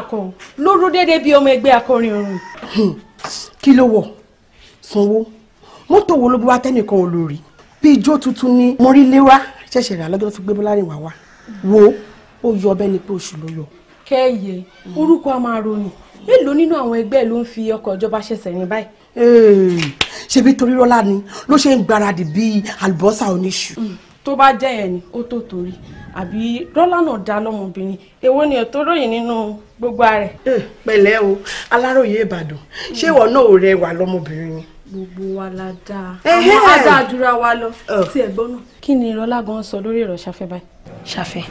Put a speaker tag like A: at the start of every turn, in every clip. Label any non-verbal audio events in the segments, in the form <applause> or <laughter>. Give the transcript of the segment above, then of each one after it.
A: fẹ́ràn kan ló ró déédéé bí ọmọ ẹgbẹ́ akọrin ọ̀run. Hmm. kí ló wọ̀ sanwó mọ́tò wo ló bí wá tẹ́nìkan ò lórí bí ijó tuntun ni mọ́ríléwá ṣẹ̀ṣẹ̀ rà lọ́jọ́ tó fi gbé bọ́lárìn wá wá wo ó yọ ọbẹ̀ ni pé oṣù ló yọ. kẹ́ẹ̀yẹ hmm. orúkọ a máa ronú mélòó nínú àwọn ẹgbẹ́ ló ń fi ọkọ̀ ìjọba ṣẹ̀ṣẹ̀ ní báyìí. ṣebí torí rọ́lá ni ló ṣe ń gbáradì bíi àlùbọ́sà oníṣu. Hmm. tó bá jẹ́ yẹn ni ó tó torí àbí dọ́là náà dá lọ́mọbìnrin èwo ni ètò ròyìn nínú gbogbo rẹ̀. Eh, pẹ̀lẹ́ o aláròye ìbàdàn ṣé ìwọ náà ò rẹwà lọ́mọbìnrin ni. gbogbo wa la dáa àwọn adáàdúrà wa lọ oh. tí ẹ gbọ́ náà. kí ni ìrọlá gan sọ lórí ọ̀rọ̀ ṣàfẹ́ báyìí. ṣàfẹ́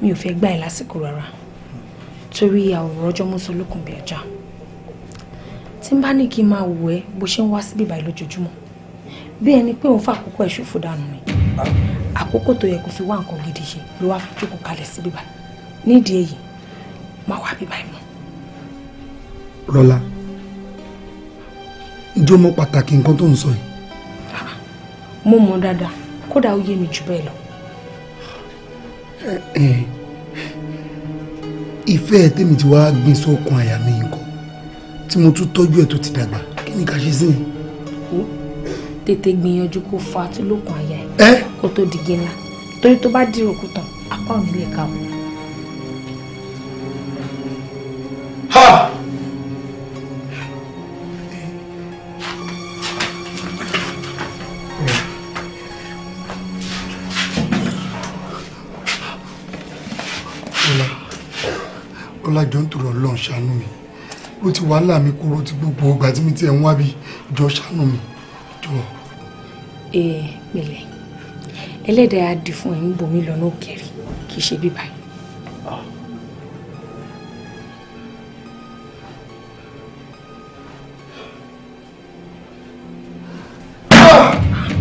A: mi ò fẹ́ gbà ẹ́ lásìkò rárá torí àwòrán ọjọ́ mọ́sán lókun bí ẹja tí n bá ní kí n máa wò ẹ́ bó ṣe ń wá síbí báyìí lójoojúmọ́ bí ẹni pé òun fàkókò ẹ̀ ṣòfò dànù ni àkókò tó yẹ kó fi wá nǹkan gidi ṣe ló wá fi jókòó kalẹ̀ sí bíbá nídìí èyí
B: má wá bíbá ẹ̀ mọ́. rọlá ǹjẹ́ mọ pàtàkì nǹkan tó ń sọ yìí.
A: mo mọ dáadáa kódà ó yé mi jù bẹ́ẹ̀ lọ.
B: ìfẹ́ ẹ̀ tèmi ti wá gbin sókun àyà mi nǹkan tí mo tún tọ́jú ẹ̀ tó ti dàgbà kí ni ká ṣe sí i.
A: tètè gbìyànjú kó fa tó lókun àyà ẹ̀ kó tó digi ńlá torí tó bá dìrò kú tán apá ò ní lè ka wọn.
B: ọlájọ ń tòrọ lọ ṣàánú mi ó ti wàhálà mi kúrò ti gbogbo ìgbà tí mi ti ẹ̀ ń wá bí ìjọ ṣàánú mi jọ.
A: ẹ pẹ̀lẹ́ ẹlẹ́dàá á di fún ẹ̀ ń bomi lọ́nà òkèèrè kì í ṣe bí báyìí.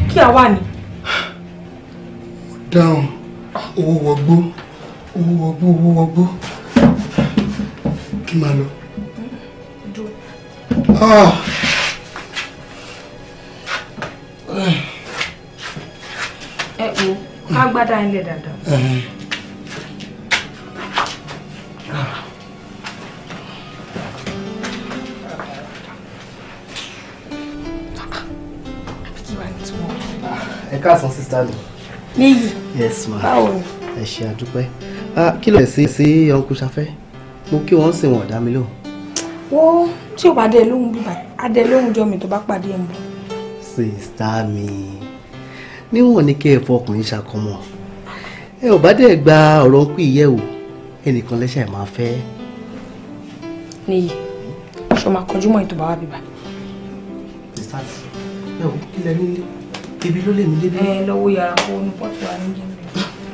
B: kí a wà ní. dáhùn owó wọgbó owó wọgbó owó wọgbó kí máa lọ. Ah.
A: gbádá ilé dáadáa.
C: ẹ káàsán sísá mi. níyì. yes ma. báwo ni. ẹ ṣe àdúpẹ́ kí ló ṣe sí ọkùn ṣafẹ́ mo kí wọ́n sì wọ́n dá mi lóhùn.
A: wo tí o bá dé lóhùn bíbá adé lóhùn jọ mi tó bá pàdé ẹ̀ mọ́.
C: sísá mi níwọ̀n ni kẹ́ ẹ fọkùnrin ṣàkọmọ ẹ ò bá dẹ̀ gba ọ̀rọ̀ ń pè yẹ o ẹnìkan lẹ́sẹ̀ máa fẹ́.
A: níyì ṣọ máa kọjú mọ́ ètò bàbá bíbá. ẹ ò kí lẹ nílé ibi ló lè mí lé bí. ẹ lọ́wọ́ yàrá
D: kó o nu pọ́ọ̀tù wa ní jẹ́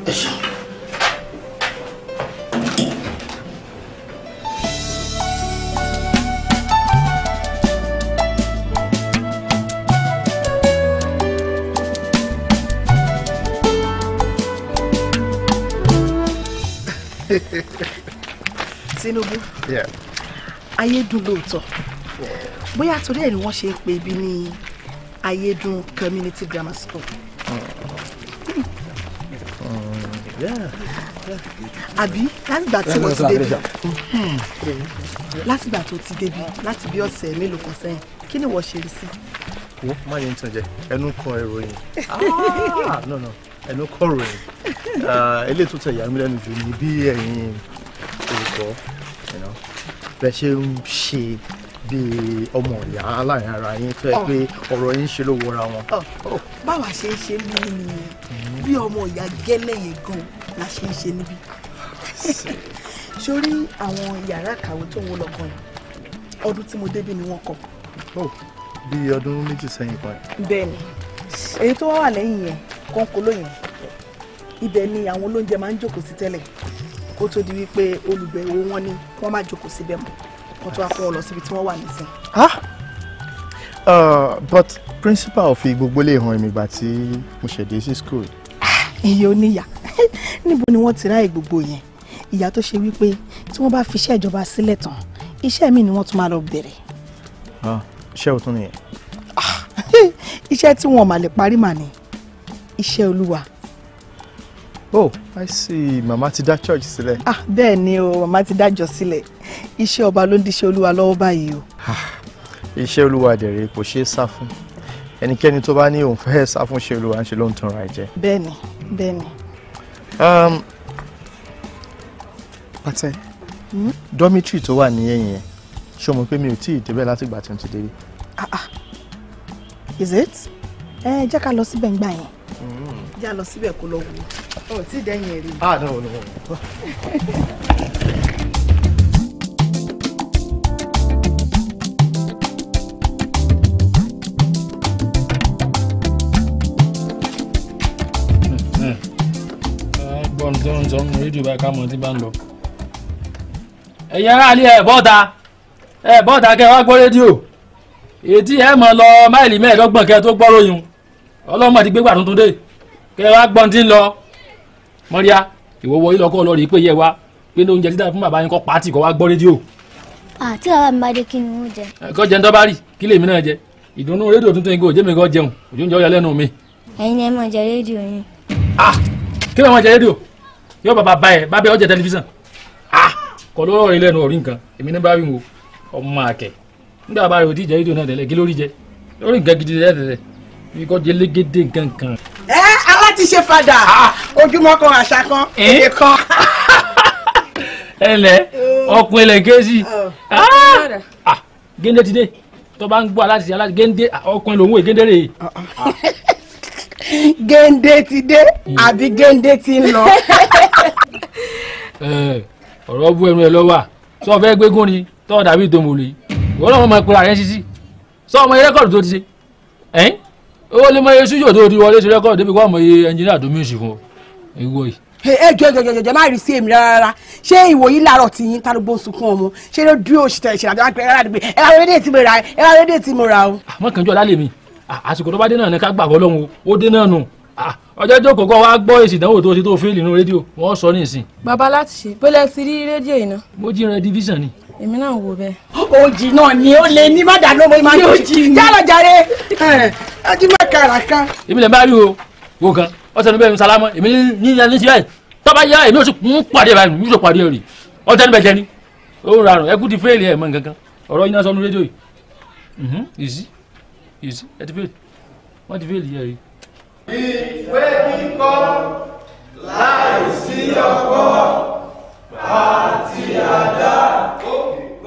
D: ẹ ṣeun.
A: Tinubu ayédùn lóòótọ́ bóyá torí ẹ̀ ni wọ́n ṣe ń pe ibi ní ayédùn community grammar school. àbí látìgbà tí wọ́n ti débi látìgbà tó ti débi láti bí ọ̀sẹ̀ mélòó kan sẹ́yìn kí ni wọ́n ṣe rí sí.
E: wo má yẹn ń tàn jẹ ẹnu kọ ìròyìn
A: ah!
E: Ah, no no ẹnu kọ ìròyìn ah, eléyìí tó tẹ ìyá mi lẹ́nu jù ní bí ẹ̀yin olùkọ́ bẹ́ẹ̀ ṣe ń ṣe bíi ọmọ ìyá aláìní ara yín tó ẹ pé ọ̀rọ̀ yín ṣe ló wọra wọn.
A: báwa ṣe ń ṣe níbi nìyẹn bí ọmọ ìyá gẹ́lẹ́ yẹn gan la ṣe ń ṣe níbí. <laughs> sórí àwọn yàrá kàwé tó wo lọ́kàn yìí ọdún tí mo débí ni wọ́n kọ́.
E: bí ọdún méjì sẹ́yìn kan.
A: bẹ́ẹ̀ni èyí tó wà lẹ́yìn yẹn kọ́ńkó lóyìn ibẹ̀ ni àwọn olóúnjẹ máa ń jókòó sí tẹ́lẹ̀ kó tó di wípé olùbẹ̀wò wọn ni wọ́n má jókòó síbẹ̀ mọ́ wọ́n tó wá fún wọn lọ síbi tí wọ́n wà nísìn.
D: Ah!
E: Uh, but principal fi gbogbo lè hàn èmi ìgbà tí mo ṣẹ̀dé sí school.
A: Ah, iye oníyà <laughs> níbo ni wọ́n ti ráàyè gbogbo yẹn ìyá tó ṣe wípé tí wọ́n bá fi iṣẹ́ ìjọba sílẹ̀ tán iṣẹ́ mi ni wọ́n tún máa lọ bẹ̀rẹ̀.
E: Ah, iṣẹ́ òtún nìyẹn. <laughs>
A: iṣẹ́ tí wọn ò mà lè parí mà ní iṣẹ́ olúwa
E: oh i see Mama ti da church sílẹ̀.
A: ah bẹ́ẹ̀ ni o màmá ti dájọ sílẹ̀ iṣẹ́ ọba ló ń díṣẹ́ olúwa lọ́wọ́ báyìí o. Ah,
E: iṣẹ́ olúwa dẹ̀rẹ̀ kò ṣeé sá fún ẹnikẹ́ni tó bá ní òun fẹ́ sá fún iṣẹ́ olúwa ń ṣe ló ń tan ara jẹ.
A: bẹ́ẹ̀ni bẹ́ẹ̀ni.
E: Um, pàtẹ hmm? dormitory tó wà ní ẹ̀yìn yẹn ṣé o mọ̀ pé mi ò tí débẹ̀ látìgbà tí mo ti débẹ̀. Ah, ah.
A: is it ẹ jẹ́ ká lọ síbẹ̀ ń gbà yẹn já mm. lọ síbẹ̀ kó lọ wò ó tí dẹ́yìn ẹ̀ rí. ah no no.
F: Eh, gbọ́n tó ń sọ ń rédíò báyìí ká mọ̀ tí bá ń lọ. ẹ̀yin aráàlú ẹ̀ bọ́ta ẹ̀ bọ́ta kẹ́ ẹ wá gbọ́ rédíò ètí ẹ̀ mọ̀ lọ máìlì mẹ́ẹ̀ẹ́dọ́gbọ̀n kẹ́ ẹ tó gbọ́ ròyìn ọlọ́mọ ti gbégbà tuntun dé kẹ́ ẹ wá gbọ́n tí ń lọ mọ́ríà ìwọ wọ ilé ọkọ lọ rèé pé yẹ wa pé ní oúnjẹ dídá fún bàbá yẹn kọ́ pàtì kọ́ wá gbọ́ rédíò. àti bàbá mi bá dé kí ni wọ́n jẹ. ẹ̀kọ́ jẹun tó bá rì kí lèmi náà jẹ ìdùnnú rédíò tuntun yìí kò jẹ́ mi kọ́ jẹun òjò ń jẹ́ ọyọ lẹ́nu mi. ẹ̀yin ẹ máa jẹ rédíò yín. ah kí ló máa jẹ rédíò yọ bàbá bá ẹ bá bẹ ọjẹ tẹlifíṣàn ah kọ lọ́rọ̀ rẹ lẹ́nu ọ̀rí nǹkan èmi ní bá wí wo ọmọ àkẹ́ nígbà bá rẹ ò tí ì jẹ rédíò náà tẹ́lẹ̀ kí lórí jẹ lórí nǹkan gidi ikọ́ jẹlẹ́gẹ́dẹ́ nǹkan kan. ẹ aláti ṣe fada ah. ojúmọ́ kan àṣà kan eh? èdè kan. <laughs> ẹ lẹ oh. ọkùnrin ẹlẹgẹsì oh. ah. ah, géńdé ti dé tó bá ń gbọ́ aláti ṣe aláti géńdé ọkùnrin lòun wò géńdé rè é. Oh, <laughs> géńdé ti dé hmm. àbí géńdé ti ń lọ. <laughs> Eh, ọ̀rọ̀ bú ẹnu ẹ lọ́wọ́ à sọ fẹ́ gbégún ni tọ́ dàbí ìdòmòlì ìwọ́n náà wọ́n máa pera rẹ̀ ṣíṣí sọ ọmọ yẹn rẹ́kọ̀dù tó ti ṣe owó lè mọ iye sí yòdó orí wọlé sí rẹ́kọ̀dù débi wàá mọ iye ẹnjìnìá tó mìíràn sí fún ìwọ yìí. ẹ jọ jọ jọ jọ má rí sí èmi rárá ṣé ìwòyí
A: làárọ̀ tí yín tálógbó ń sunkún ọmọ ṣé ló dúró òṣìṣẹ́ ìṣẹ̀lẹ̀ àti rárá dùgbẹ́ ẹ wá rédíò tí mo ra ẹ wá rédíò tí
F: mo ra o. àmọ́ kàn jọ lálẹ́ mi àsìkò tó bá dé náà ni ká gbà wọ́ lọ́hùn ó dé náà nù ọjọ́ tó kọ̀ọ̀kan wá gbọ́ èsì ìdánwò tó ṣe tó fẹ́ẹ̀lì nínú rédíò wọ́n sọ ní ìsìn.
A: bàbá láti ṣe bọ́lá ti rí rédíò
F: yìí ná. mo jí ran division ni èmi náà wò bẹ́ẹ̀.
A: òjì náà ni ó lè ní má dáná mo máa jòjì ní.
F: yálà jàre ẹ ti má kàrà kan. èmi lè má rí o wò kan ọ̀sẹ̀ níbẹ̀ ní sálámọ́ èmi ní ní ti báyìí tọ́ba yá èmi ò sì ń pàdé báyìí mi ò sì pàdé rè ọ̀sẹ̀ níbẹ̀ jẹni ó ra rùn ẹkú ti fẹ́ẹ̀lì ẹ̀ mọ́ nǹkan kan ọ̀rọ̀ iná sọnù rédíò yìí ìsí mhm, ìsí ẹ
G: àti
H: àdá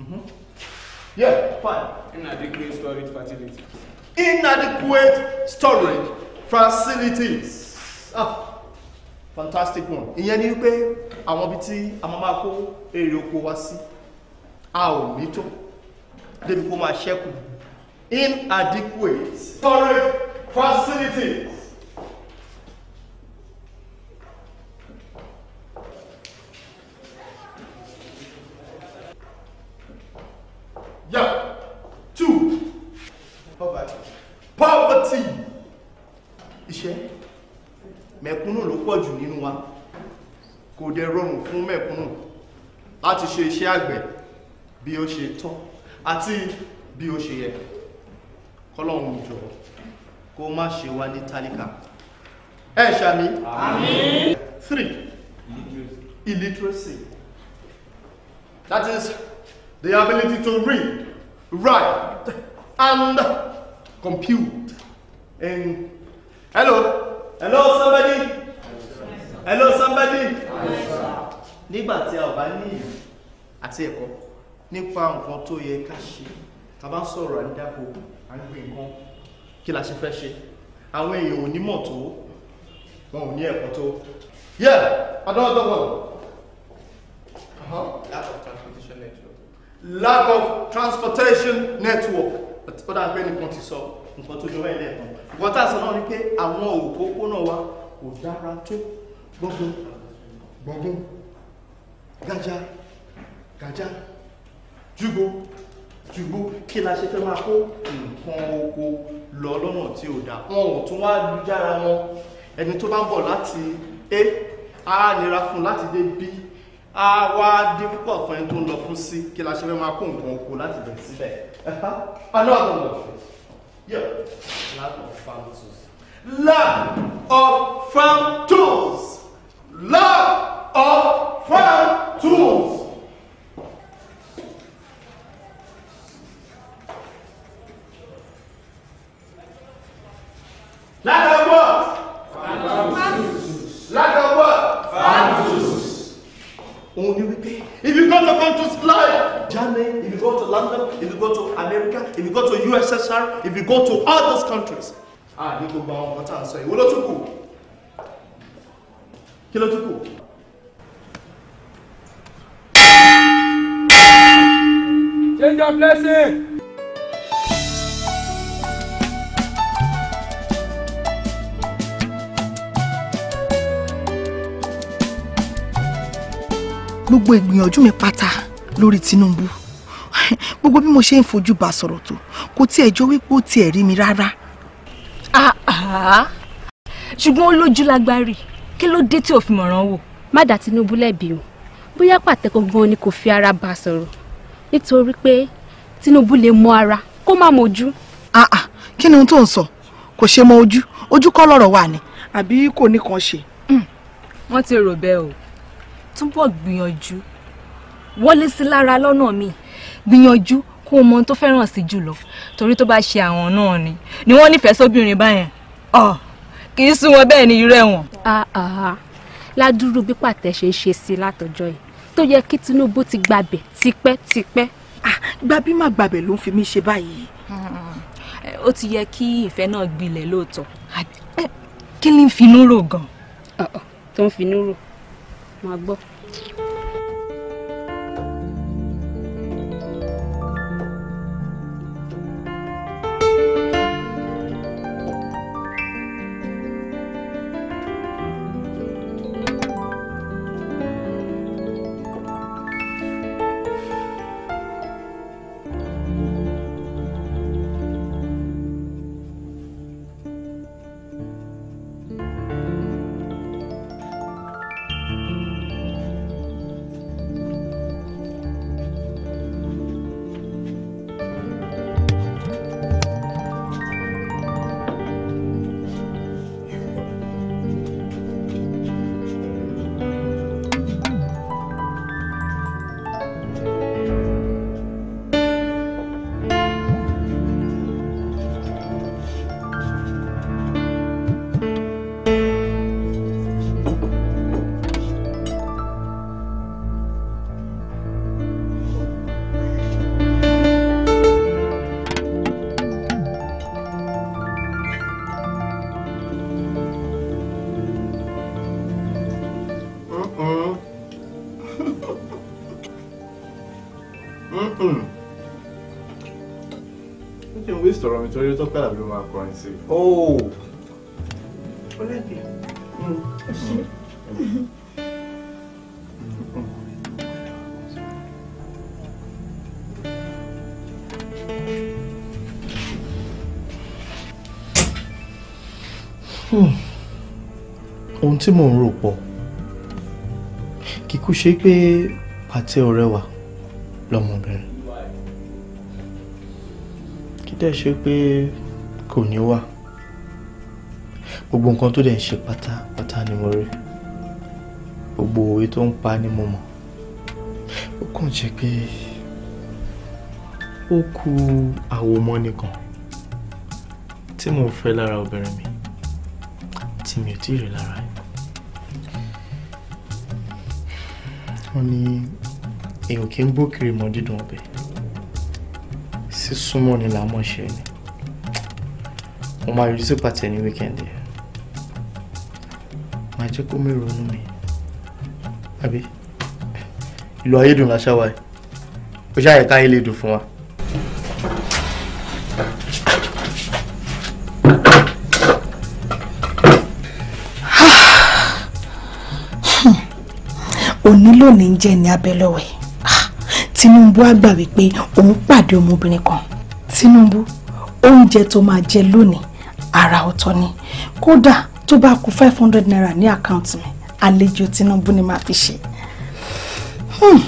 I: Mm-hmm. Yeah, fine. Inadequate storage facilities.
E: Inadequate storage facilities. Ah, fantastic one. Ìyẹn ni pé àwọn ibi tí a máa máa kó èrè oko wa sí, a ò ní tó, débi kó máa ṣẹ́kù.
B: Inadequate storage facilities. Yeah. Two. Poverty. Poverty. Iṣẹ́.
E: Mẹ̀kúnnù ló pọ̀ jù nínú wa. Kò dẹ̀ rọrùn fún mẹ̀kúnnù láti ṣe iṣẹ́ àgbẹ̀ bí ó ṣe tọ́ àti bí ó ṣe yẹ. Kọ́lọ́hún jọ kó má ṣe wá ní tálíkà. Ẹ ṣàmì. Àmín. Three. Illiteracy. That is the ability to read, write, and compute. And hello, hello somebody,
I: hello somebody.
E: Nígbà tí a ò bá ní ìlú àti ẹ̀kọ́ nípa nǹkan tó yẹ ká ṣe, ta bá sọ̀rọ̀ à ń dáko, à ń gbé nǹkan, kí la ṣe fẹ́ ṣe? Àwọn èèyàn ò ní mọ̀ tó, wọn ò ní ẹ̀kọ́ tó.
B: Yeah, another one.
E: Uh-huh lack of transportation network ó dà pé nìkan ti sọ nǹkan tó jọ bẹ́ẹ̀ lẹ́ẹ̀kan nǹkan tá a sọ náà ni pé àwọn òpópónà wa
B: kò dára tó gbọ́ngbọ́n gbọ́ngbọ́n gájá gájá júgbó júgbó kí la ṣe fẹ́ máa kó
E: nǹkan oko lọ lọ́nà tí ò dáa wọn ò tún wá lùjára wọn ẹni tó bá ń bọ̀ láti a á nira fún láti dé b a wá dín púpọ̀ fún ẹni tó ń lọ fún sí kí la ṣe fẹ́ máa kó nǹkan oko láti bẹ̀rẹ̀ síbẹ̀ another one yeah lab of farm tools
D: lab of
E: farm tools lab of farm tools.
B: Lack of what? tools. Lack of what? Lack tools òun ni wípé if you go to countries like
E: Germany if you go to London if you go to America if you go to USSR if you go to all those countries ah you go àwọn ọmọ tá à ń sọ yìí wọ́n ló tún kù
J: change your blessing.
A: gbogbo ìgbìyànjú mi pátá lórí Tinubu <laughs> gbogbo bí mo ṣe ń fojú bá sọ̀rọ̀ tó kò tiẹ̀ jọ wípé ó tiẹ̀ rí mi rárá. ṣùgbọ́n ó lójú lágbárí kí ló dé tí ò fi mọ̀ràn wò. má dá Tinubu lẹ́bi o bóyá pàtẹ́kọ̀ gan ni kò fi ara bá a sọ̀rọ̀ nítorí pé Tinubu lè mọ ara kó má mojú. kí ni ohun tó ń sọ kò ṣe mọ ojú ojú kọ́ lọ́rọ̀ wà ni àbí kò ní kan ṣe. Hmm. wọ́n ti rò bẹ́ẹ̀ o túbọ̀ gbìyànjú wọlé sí lára lọ́nà mi gbìyànjú kó o mọ ohun tó fẹ́ràn sí jùlọ torí tó bá ṣe àwọn náà ni ni wọ́n nífẹ̀ẹ́ sóbìnrin báyẹn ọ kì í sún wọn bẹ́ẹ̀ ni irú ẹ̀wọ̀n. ládùúrú bí pàtẹ ṣe ń ṣe sí i látọjọ́ yìí tó yẹ kí Tinubu ti gbàbẹ̀ tipẹ́tipẹ́. gbàbí má gbàbẹ̀ ló ń fi mí ṣe báyìí. ó ti yẹ kí ìfẹ́ náà gbilẹ̀ lóòótọ́. kí ni ń finú rò gan. tó ń finú rò máa gbọ́.
E: akọrin torí tó pẹ́ làbí ló máa kọrin sí. Oh. ó lẹ́bi
H: ó ṣe.
E: ohun tí mò ń rò pọ̀ kíkú ṣe pé pàtẹ ọ̀rẹ́ wa lọ́mọbìnrin dẹ̀ ṣe pé kò ní wà gbogbo nǹkan tó dẹ̀ ń ṣe pátápátá ni mo rí gbogbo òwe tó ń pa ni mo mọ̀ ó kàn jẹ́ pé ó ku àwòmọ́ nìkan tí mo fẹ́ lára obìnrin mi tí mi ò tí ì rí lára ẹ̀. wọ́n ní èèyàn kì í gbókiri mọ́ dídùn ọbẹ̀ sísúnmọ́ ni là mọ̀ ṣe ni mo máa yọjú sí pàtẹ ní wíkẹ́ndì máa jẹ́ kó mèrò inú mi àbí ìlú ayédùn làṣà wa yìí ó ṣáà yẹ káyé lè dùn fún wa.
A: òní lónìí ń jẹ́ ní abẹ́lọ́wẹ̀ ah, Tinubu á wípé òun pàdé ọmọbìnrin kan Tinubu oúnjẹ tó máa jẹ lónìí àrà ọ̀tọ̀ ni kódà tó bá kù five hundred naira ní àkáǹtì mi àlejò Tinubu ni màá fi ṣe hmm,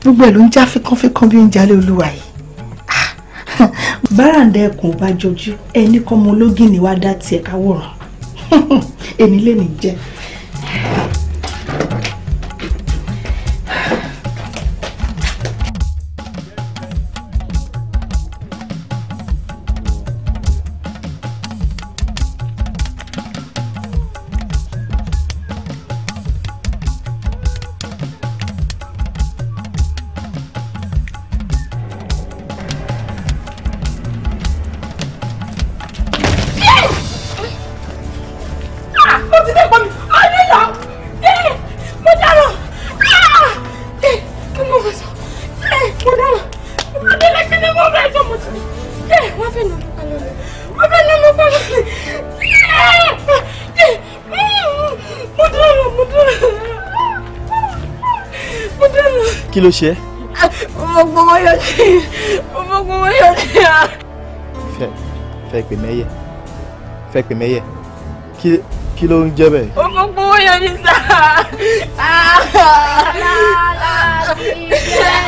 A: gbogbo ẹ̀ ló ń já fínkánfínkán bí oúnjẹ alẹ́ olúwa yìí ah, <laughs> báràǹdà ẹkùn bá jọjú ẹni kọ́mọ ológin ni wàá dá tiẹ̀ káwòrán <laughs> èmi lè ní jẹ́.
E: kí ló ṣe é.
H: ọmọgbọ́n wọn yọ sí ọmọgbọ́n wọn yọ sí à.
E: fẹ́ fẹ́ pè mẹ́yẹ fẹ́ pè mẹ́yẹ kí kí ló ń jẹ́ bẹ́ẹ̀.
H: ọmọgbọ́n wọn yọ sí sá. lálá ti jẹ́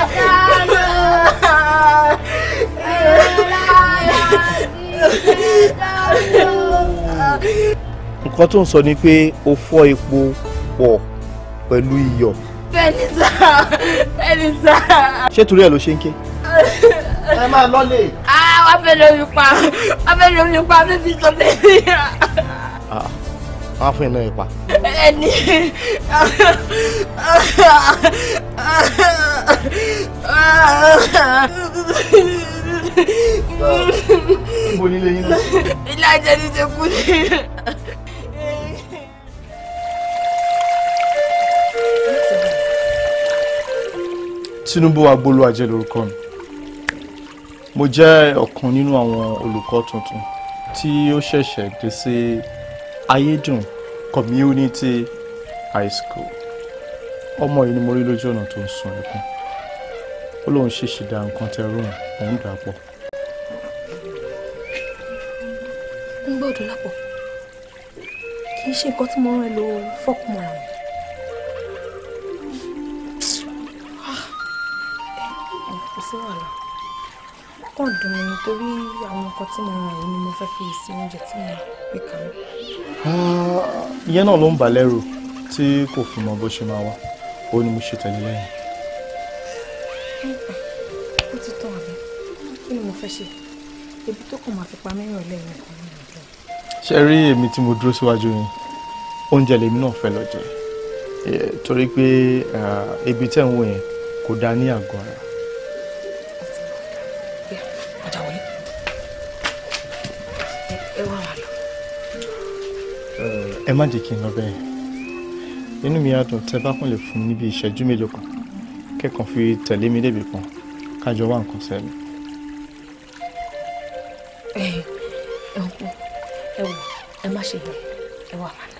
H: dáró.
E: nǹkan tó ń sọ ni pé o fọ́ epo pọ̀ pẹ̀lú iyọ̀.
H: bẹ́ẹ̀ni sáà bẹ́ẹ̀ni
C: sá.
E: ṣé torí ẹ̀ ló ṣe ń ké.
C: ẹ máa lọ́lẹ̀. Ah, wọ́n fẹ́ lómi pa
J: wọ́n fẹ́ lómi pa wọ́n fẹ́ fi sọ bẹ́ẹ̀ni.
E: wọ́n á fún iná ipa. ẹni níbo nílé yín lọ.
H: ilé ajé ti ṣe kú ni.
E: Tinubu Agbolúwàjẹ́ lorúkọ mi mo jẹ́ ọ̀kan nínú àwọn olùkọ́ tuntun tí ó ṣẹ̀ṣẹ̀ dé sí Ayédùn Community High School ọmọ yìí ni mo rí lójú ọ̀nà tó ń sun ẹkún ó lóun ṣèṣì da nǹkan tẹ rúùn òun dà pọ̀.
A: ń gbọ́dọ̀ lápọ̀ kì í ṣe nǹkan tí mo rán ẹ lọ fọ́ọ̀kùnmọ́ra mi. sí wàhálà ó kàn dùn mí nítorí àwọn nǹkan tí
D: mo ràn yìí ni mo fẹ́ fi sí oúnjẹ tí mo
A: gbé kalẹ̀. Ah, ìyẹn náà ló ń
E: bà lẹ́rù tí kò fi mọ bó ṣe máa wá ó ní mo ṣe tẹ̀lé lẹ́yìn.
A: ó ti tán àbí kí ni mo fẹ́ ṣe ebi tó kàn máa fi pa mẹ́rin ọ̀lẹ́ mi kan ní ìlú.
E: ṣe rí èmi tí mo dúró síwájú yín oúnjẹ lèmi náà fẹ́ lọ jẹ eh, torí pé ah, ebi tẹ̀ ń wò yẹn kò dáa ní àgọ́ ara ẹ má jẹ́ kí n inú mi á tẹ bá kàn lè fún níbi ìṣẹ́jú mélòó kan kẹ́kàn fi tẹ̀lé mi débi kan kájọ wá nǹkan sẹ́nu.
A: ẹ wò ẹ wò ẹ má ṣe yẹn ẹ wà má lọ.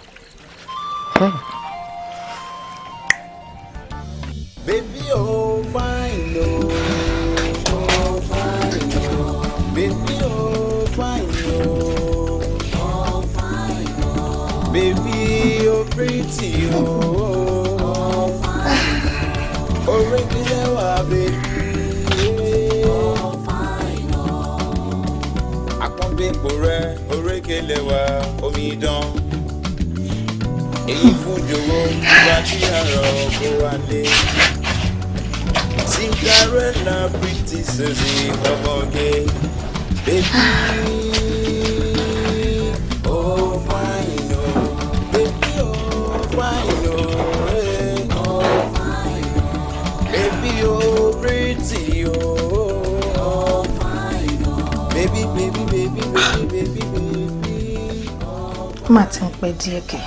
H: Baby, oh fine, oh, oh fine, oh,
G: baby, oh pretty, oh. oh. Oh, ring me now, baby. Oh, fine, oh. Àpọ́nbé ipò rẹ̀, orékè lẹ́wà, omi dán. Èyí fún jòwó, ìgbà tí àrọ̀ kó wá lé. Cinderella pretty Susie, ọmọge, baby.
A: má ti ń pẹ́ díẹ̀ kẹ́.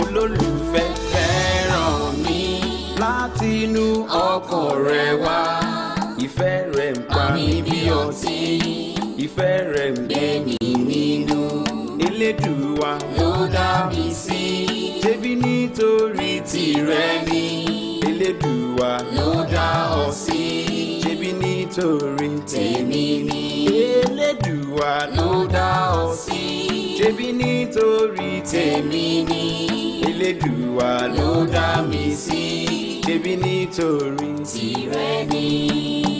G: olólùfẹ́ fẹ́ràn mi láti inú ọkàn rẹ wá ìfẹ́ rẹ̀ ń pa mí bí ọtí ìfẹ́ rẹ̀ ń gbé mi nínú elédùúwa ló dá mi sí nítorí tìrẹ ni Elédùà ló dá ọ sí. ṣebí nítorí tèmi ni Elédùà ló dá ọ sí. ṣebí nítorí tèmi ni Elédùà ló dá mi sí. ṣebí nítorí tìrẹ ni.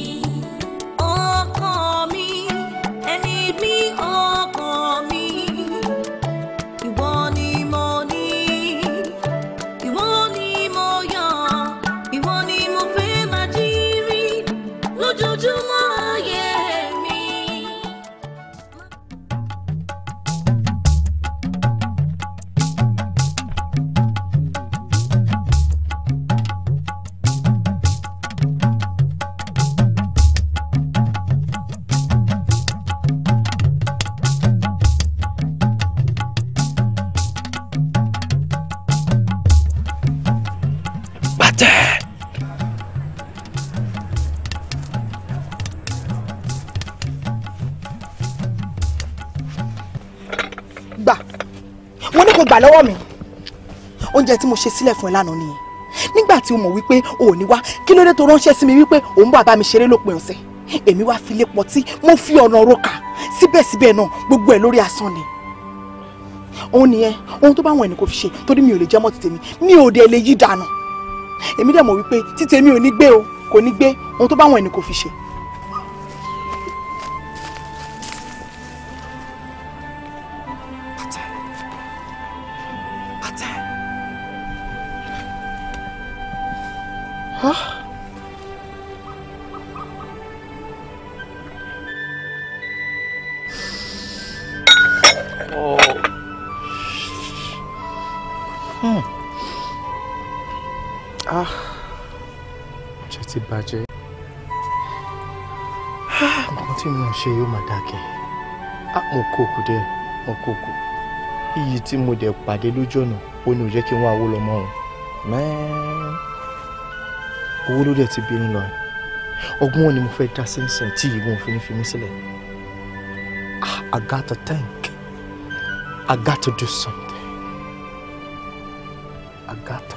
A: iṣẹ́ tí mo ṣe sílẹ̀ fún ẹ lánàá nìyẹn nígbà tí o mọ̀ wípé o ò ní wá kí ló dé tó ránṣẹ́ sí mi wípé òun bọ̀ àbá mi ṣeré lópin ọ̀sẹ̀ èmi wá fi lé pọtí mo fi ọ̀nà roka síbẹ̀síbẹ̀ náà gbogbo ẹ̀ lórí asán ni òun nìyẹn ohun tó bá wọn ẹni kò fi ṣe torí mi ò lè jẹ́mọ́ títèmi mi ò dé lè yí dànù èmi dẹ̀ mọ̀ wípé títèmi ò ní gbé o kò ní gbé ohun tó bá wọn ẹni kò fi ṣe
E: dákẹ́ mo kó òkú dẹ mo kó òkú iyì tí mo dẹ̀ pàdé lójú ọ̀nà ó ní ò jẹ́ kí n wá owó lọ mọ́ òun mẹ́ẹ́ owó ló dẹ̀ ti bí ní lọ ọgbọ́n ni mo fẹ́ dá sẹ́nsẹ̀n tí ìwọ òfin ní fi mí sílẹ̀ I got to think I got to do something I got to.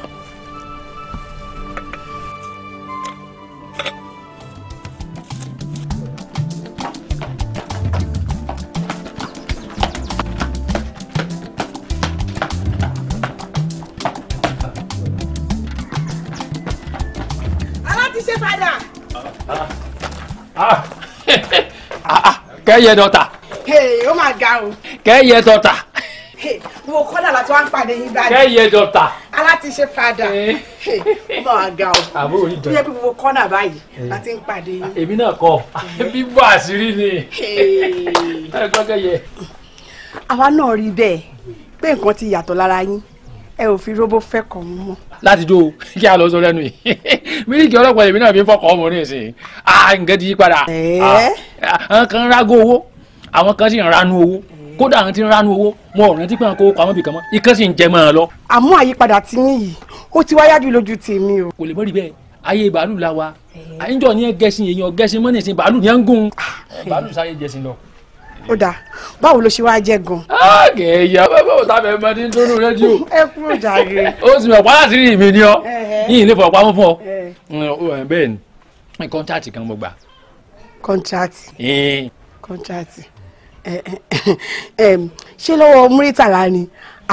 F: kẹ́yẹ dọ́ta. ó mà ga o. kẹ́yẹ dọ́ta.
A: wo kọ́lá láti wá ń pàdé yín báyìí. kẹ́yẹ
F: dọ́ta. aláti ṣe padà eh.
A: ó mà ga o. àbúrò yìí jọ bí ebi wo kọ́nà báyìí eh. láti ń
F: pàdé yín. èmi náà kọ eh. bíbọ àṣírí ni. ẹ gbọ́ kẹ́yẹ.
A: àwa náà rí bẹ́ẹ̀ pé nǹkan ti yàtọ̀ lára yín ẹ ò fi róbó fẹ́ kàn mú mọ́.
F: láti jó kí a lọ sọ lẹ́nu yìí mílíkì ọlọ́pàá lèmi náà fi ń fọkàn ọmọ ní ìsìn ah nǹkan ti yí padà àwọn kan ń rágó owó àwọn kan sì ń ranú owó kódà àwọn tí ń ranú owó wọn ò rántí pé àwọn kó pamọ́ bìkan mọ́ ikán sì ń jẹ mọ́ ọ lọ. àmọ́ àyípadà ti yín yìí ó ti wáyá jù lójú tèmi o. kò lè mọ́ rí bẹ́ẹ̀ ayé bàálù la wa àyíjọ ni ẹ gẹṣin èèyàn gẹṣin mọ́ nìsín bàálù ni ẹ ń gún ah. bàálù sáyé jẹṣin lọ. ó dáa báwo ló ṣe wá jẹ gan. àgẹ̀yà bàb ó sábẹ̀ mọ ní dúró rédíò. ẹ kúrò jàre. <laughs> ó sì mọ̀ pálá sí ìmì ni ọ yìí lè fọwọ́ pamọ́ fún ọ. bẹ́ẹ̀ ni kọ́ńtàtì kan mo gbà. kọ́ńtàtì. kọ́ńtàtì
A: ṣé lọ́wọ́ múrítàlá ni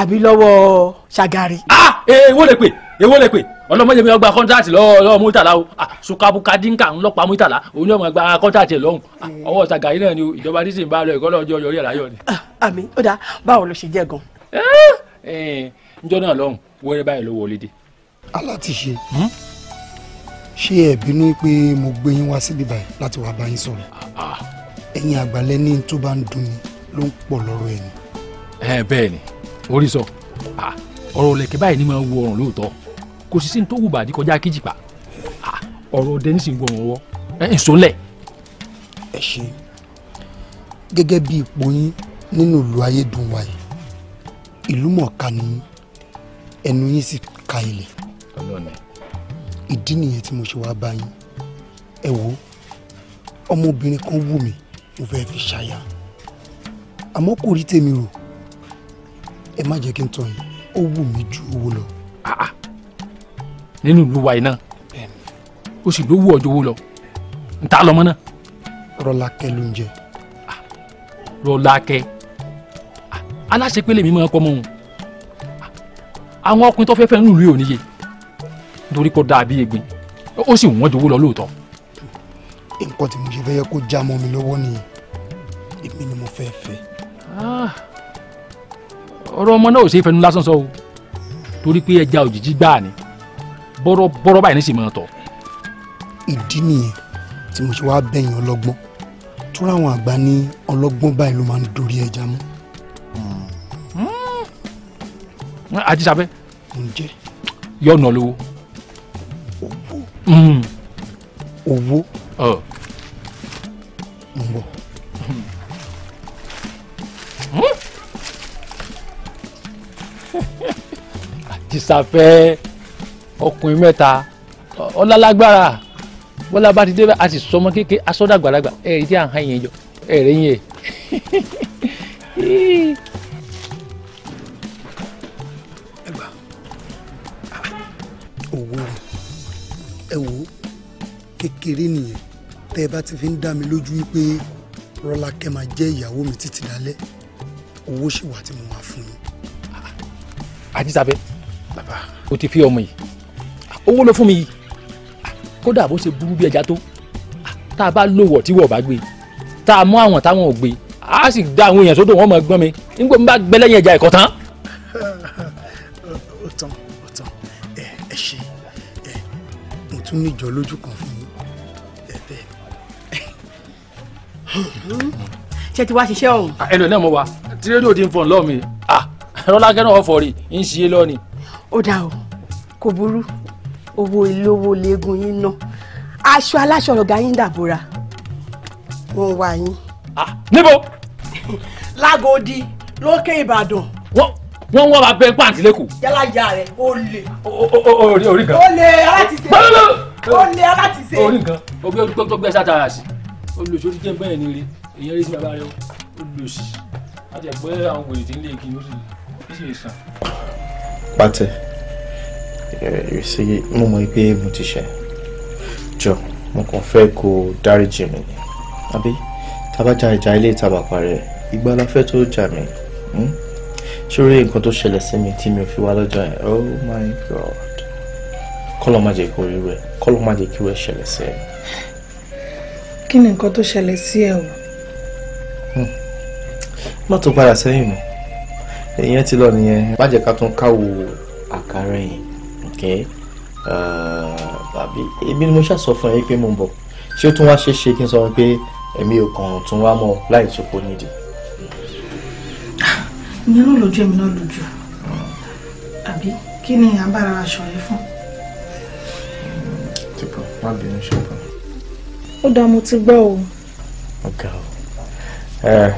A: àbí lọ́wọ́ ṣàgárì. Ah,
F: eh, èwo lè pè èwo lè pè ọlọ́mọdé mi ọgbà kọ́ńtàtì lọ́wọ́ múrítàlá o ah, sukabukadínká ńlọ́pàá múrítàlá òun yóò máa gba kọ́ńtàtì ẹ̀ lọ́hùn ah, ọwọ́ ṣàgárì náà ni ìjọba tí sì ń bá lọ ìkọ́lọ́ ọjọ́ yọrí ẹ̀ láyọ̀ ni. àmì ó dáa báwo ló ṣe jẹ́ gan-an. Ah! Eh, njọ́ náà lọ́hùn wẹ́rẹ́ báyìí ló wọlé dé.
B: aláti ṣe ṣé ẹ bínú pé mo gbé yín wá síbí báyìí láti wàá bá yín sọ̀rọ̀ ah. ẹ̀yin àgbàlẹ́ ní tó bá ń dùn ni ló ń
F: pọ̀ lọ́rọ̀ ẹ̀ ni. ẹ bẹ́ẹ̀ ni orí sọ ah, ọ̀rọ̀ lẹ̀kẹ́ báyìí ni máa ń wo ọ̀rùn lóòótọ́ kò sì sí ní tó wù bàdí kọjá kíjìpá ọ̀rọ̀ ọdẹ ní sì ń gbọ̀ràn ọwọ́ ẹ̀ ẹ ṣe gẹ́gẹ́ bí ipò yín
B: nínú ìlú ayédùn wa ìlúmọ̀ ká ní ẹnu yín sì ka ilẹ̀ ìdí nìyẹn tí mo ṣe wá bá yín ẹ wo ọmọbìnrin kan wù mí mo fẹ́ fi ṣaya àmọ́ kò rí tèmi ẹ má jẹ́ kí n tàn yín ó wù mí ju owó lọ. Ah, ah.
F: nínú ìlú wa yìí náà ó sì lówó ọjọ́ owó lọ ta lọ́mọ náà. rọlákẹ́ ló ń jẹ. Ah, rọlákẹ́. aláṣepélé mi máa kọ́ mọ́ wọn àwọn ọkùnrin tó fẹ́ fẹ́ nùlú yìí ò níye nítorí kó dáa bíi egbin ó sì wọ́n jowó lọ lóòótọ́. nǹkan tí mo ṣe fẹ́ yẹ kó já mọ́ mi lọ́wọ́ nìyẹn èmi ni mo fẹ́ fẹ́. Ah, ọ̀rọ̀ ọmọ náà ò ṣe é fẹnu lásán sọ o torí pé ẹja òjijì gbáà ni bọ́rọ̀ báyìí ní sì máa tọ̀.
B: ìdí nìyẹn tí mo ṣe wá bẹ̀yìn ọlọ́gbọ́n tó ráwọn àgbà ní ọlọ́gbọ́n báyìí ló máa ń dorí ẹja
F: mú. Hmm. Hmm. ajísabẹ. ǹjẹ́. lówó.
H: owó. Hmm. owó.
F: ń bọ̀. <laughs> ọkùnrin mẹ́ta ọlálágbára bọ́lá bá ti dé a sì sọmọ kékeré asọ́dàgbàlagbà ẹ̀ẹ́dì à ń hàn yẹn jọ ẹ̀ẹ́dì yẹn. <laughs> ẹ
B: gbà owó ẹ wo kékeré nìyẹn tẹ́ ẹ bá ti fi ń dá mi lójú wípé rọ́lákẹ́ máa jẹ́ ìyàwó mi títí dalẹ́
F: owó ṣì wà tí mo máa fún yín. àjíṣàbẹ́ o ti fi ọmọ yìí owó ló fún mi yìí kódà bó ṣe burú bí ẹja tó tá a bá lówó tí wọ́n bá gbé tá a mú àwọn táwọn ò gbé a sì da àwọn èèyàn sódò wọn mọ gbọ́n mi nígbà bá gbẹ lẹ́yìn ẹja ẹ̀kọ́ tán. ó tán ó tán ẹ ẹ ṣe ẹ mo tún níjọ lójú kan fún yín ẹ bẹ́ẹ̀. ṣé ti wá ṣiṣẹ́ ọ̀hún. Ah, ẹlò náà mo wá tí rédíò ti ń fọ̀ lọ́ọ̀ mi ah, rọ́lákẹ́ náà ọ̀fọ̀ rí ń ṣe lọ́ọ̀ni. ó dà o
A: kò burú owó ilé owó leegun yín ná aṣọ aláṣọ ọ̀gá yín dàbora wọ́n wá yín. Ah, níbo
F: lágòdì lókè ìbàdàn. wọ́n wọ́n wá bẹ́ẹ̀ pàǹtí lẹ́kọ̀ọ́. yálà ya rẹ̀ ó lè. orí orí gan. ó lè aláàtìsẹ́. ó lè aláàtìsẹ́. orí gan ogbé gbẹgbẹ sátara sí olùsọ ti jẹ bẹ́ẹ̀ ni rí èyàn rí sí bàbá rẹ olùsì láti ẹgbẹ́ àwọn wèrè tí ń lé kí n ó sì sàn.
E: pàtẹ ṣe mo mọ pé mo ti ṣe jọ mo kàn fẹ́ kó dáríjì mi ni àbí tá a bá ja ìjà ilé ìta bàbá rẹ ìgbà la fẹ́ tó jà mí sórí hmm? nǹkan tó ṣẹlẹ̀ sí mi tí mi ò fi wá lọ́jà yẹn oh my god kọ́lọ́ má jẹ́ kó rí rẹ̀ kọ́lọ́ má jẹ́ kí rẹ̀ ṣẹlẹ̀ sí ẹ.
A: kí ni nǹkan tó ṣẹlẹ̀ sí ẹ o. Hmm. má
E: tún padà sẹ́yìn mọ́ ìyẹn ti lọ nìyẹn má jẹ́ ká tún káwo àkàrà yìí okay uh, àbí ebi ni mo ṣàṣọ fún ẹ pé mo ń bọ̀ ṣé ó tún wá ṣeé ṣe kí n sọ pé ẹ̀mí ò kàn tún wá mọ́ láì tó nídìí
A: ìyẹn náà lójú èmi náà lójú àbí kí ni à ń bára wa ṣọ̀rẹ́ fún.
E: tìpọ̀ má bínú ṣọ́pọ̀.
A: ó dáa mo ti gbọ́ o.
E: ọ̀gá o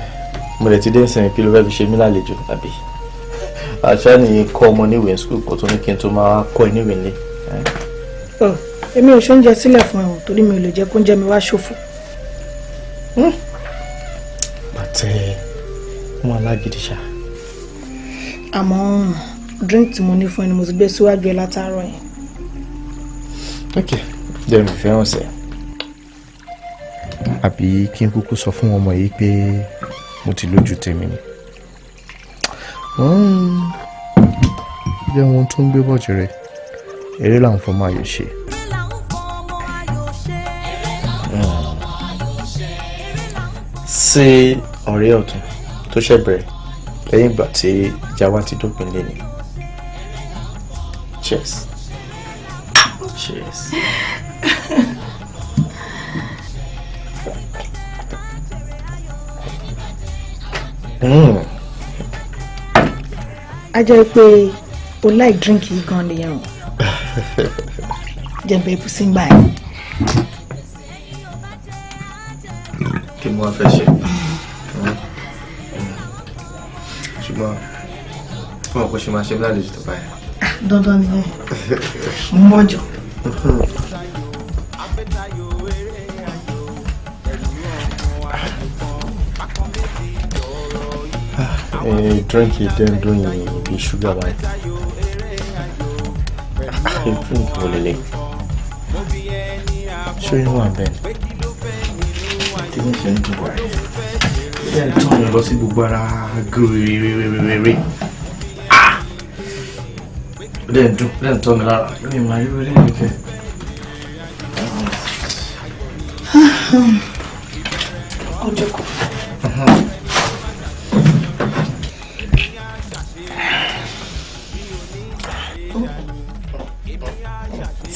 E: mo lè ti dé ìsìn kí ló fẹ́ fi ṣe mí lálejò àbí àṣà nìyí kọ́ ọmọ níwèé skul kò tó ní kí n tó máa kọ́ ẹ níwèé nílé.
A: èmi ò ṣoúnjẹ sílẹ̀ fún ẹ̀wọ̀n torí mi ò lè jẹ́ kó ń jẹ́ mi wá ṣòfò.
E: bàtẹ́ wọn alágídí
A: àmọ́ drink tí mo ní fún ẹ ni mo ti gbé síwájú ẹ látàárọ̀ yẹn.
E: ok jẹ́ mi fẹ́ràn sẹ́ àbí kí n kúkú sọ fún ọmọ yìí pé mo ti lójú tèmi ni jẹ́ wọn tó ń gbé bọ̀jẹ̀ rẹ̀ eré làwọn fọmọ ayò ṣe. Hmm. ṣé ọ̀rẹ́ ọ̀tún tó ṣẹ̀ bẹ̀rẹ̀ lẹ́yìn ìgbà tí jawa wa ti dópin lé ni. cheers.
H: cheers. Hmm.
A: a jẹ́ pé o like drink yìí gan nìyẹn o jẹ̀bẹ̀ ìbùsí ń báyìí.
E: kí ni wọ́n fẹ́ ṣe. ṣùgbọ́n fún ọkọ̀ ṣe máa ṣe mí lálejò tó báyìí. dandan ni ẹ mọ́jọ. Uh, drink it then Drink you be sugar white you drink olele show you one then didn't drink it tó ń lọ sí gbogbo ara gírírírírírí lẹ́yìn ah! dùn lẹ́yìn tọ́ mi lára lóyún máa yọ lẹ́yìn mi kẹ́. ọjọ́ kọ.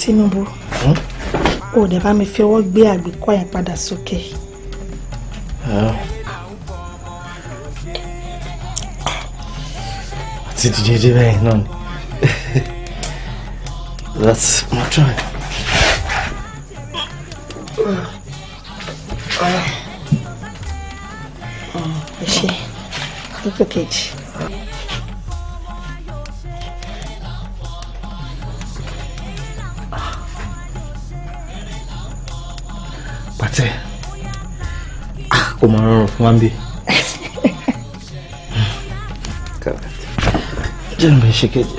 A: Tinubu hmm? o dẹ̀ bá mi fi ọwọ́ gbé àgbékọ́ yẹn padà sókè.
E: ti di dédé báyìí náà
C: that's my try.
H: Oh, ṣe lókè kejì.
C: pàtẹ́ ah, kò máa rọrùn fún wa bíi. jẹ́ ń bẹ ṣe kejì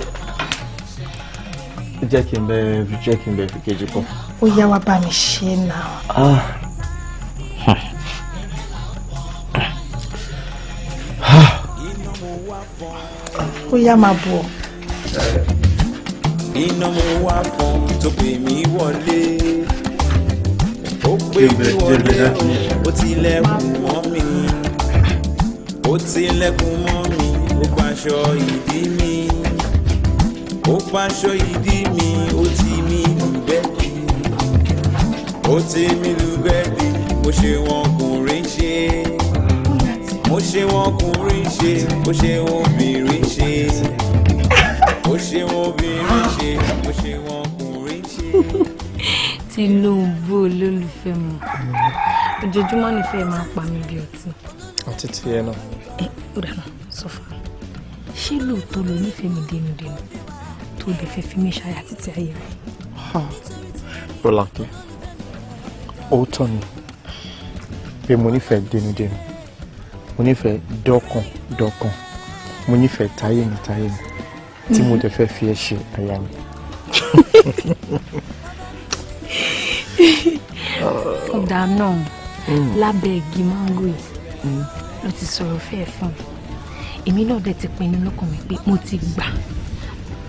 E: jẹ́ kí n bẹ jẹ́ kí n bẹ fi kejì kọ́.
A: ó yá wá bá mi ṣe é náà. Ah. ó yá máa bọ̀.
G: iná mo wá fún tó pè mí wọlé ó pè mí wọlé ó tilẹ̀kùn mọ́ mi ó tilẹ̀kùn mọ́ mi ó paṣọ ìdí mi ó paṣọ ìdí mi ó ti mi lùbẹ́ẹ̀dì ó ti mi lùbẹ́ẹ̀dì mo ṣe wọn kùnrin ṣe mo ṣe wọn kùnrin ṣe mo ṣe wọn obìnrin ṣe mo ṣe wọn obìnrin ṣe mo ṣe wọn kùnrin
A: ṣe. Tinubu olólùfẹ́ mi ojoojúmọ́ nífẹ̀ẹ́ máa pa mí bí ọtí. ọtí tiẹ̀ náà ṣé lóòótọ́ ló nífẹ̀ẹ́ mi dénúdénú tó lè fẹ́ fi mí ṣayà títí ayé rẹ̀.
E: Rọ́lákẹ́ òótọ́ ni pé mo nífẹ̀ẹ́ dénúdénú mo nífẹ̀ẹ́ dọ́kàn dọ́kàn mo nífẹ̀ẹ́ táyé mi táyé mi tí mo dẹ̀ fẹ́ fi ẹ ṣe aya mi.
A: ọ̀dà náà
H: hmm. lábẹ́
A: igi máńgò yìí hmm. ló ti sọ̀rọ̀ fẹ́ẹ̀ fún mi èmi náà dẹ̀ ti pinnu lọ́kàn mi pé mo ti gbà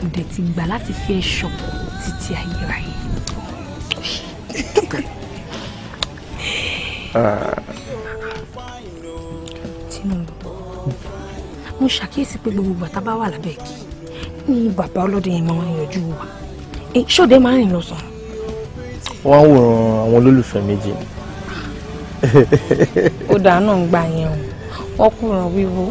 A: mo dẹ̀ ti gbà láti fi ẹ́ ṣọ̀pọ̀ títí ayérayé. Tinubu mo ṣàkíyèsí pé gbogbo bàtà bá wà lábẹ́ kí ni bàbá ọlọ́dẹ yẹn máa ń yanjú wa ṣọ́ọ̀dẹ máa ń rìn lọ sàn.
E: wọ́n á wòran àwọn olólùfẹ́ méjì.
A: ó dáa ń gbà yẹn o wọ́n kùnà wíwo.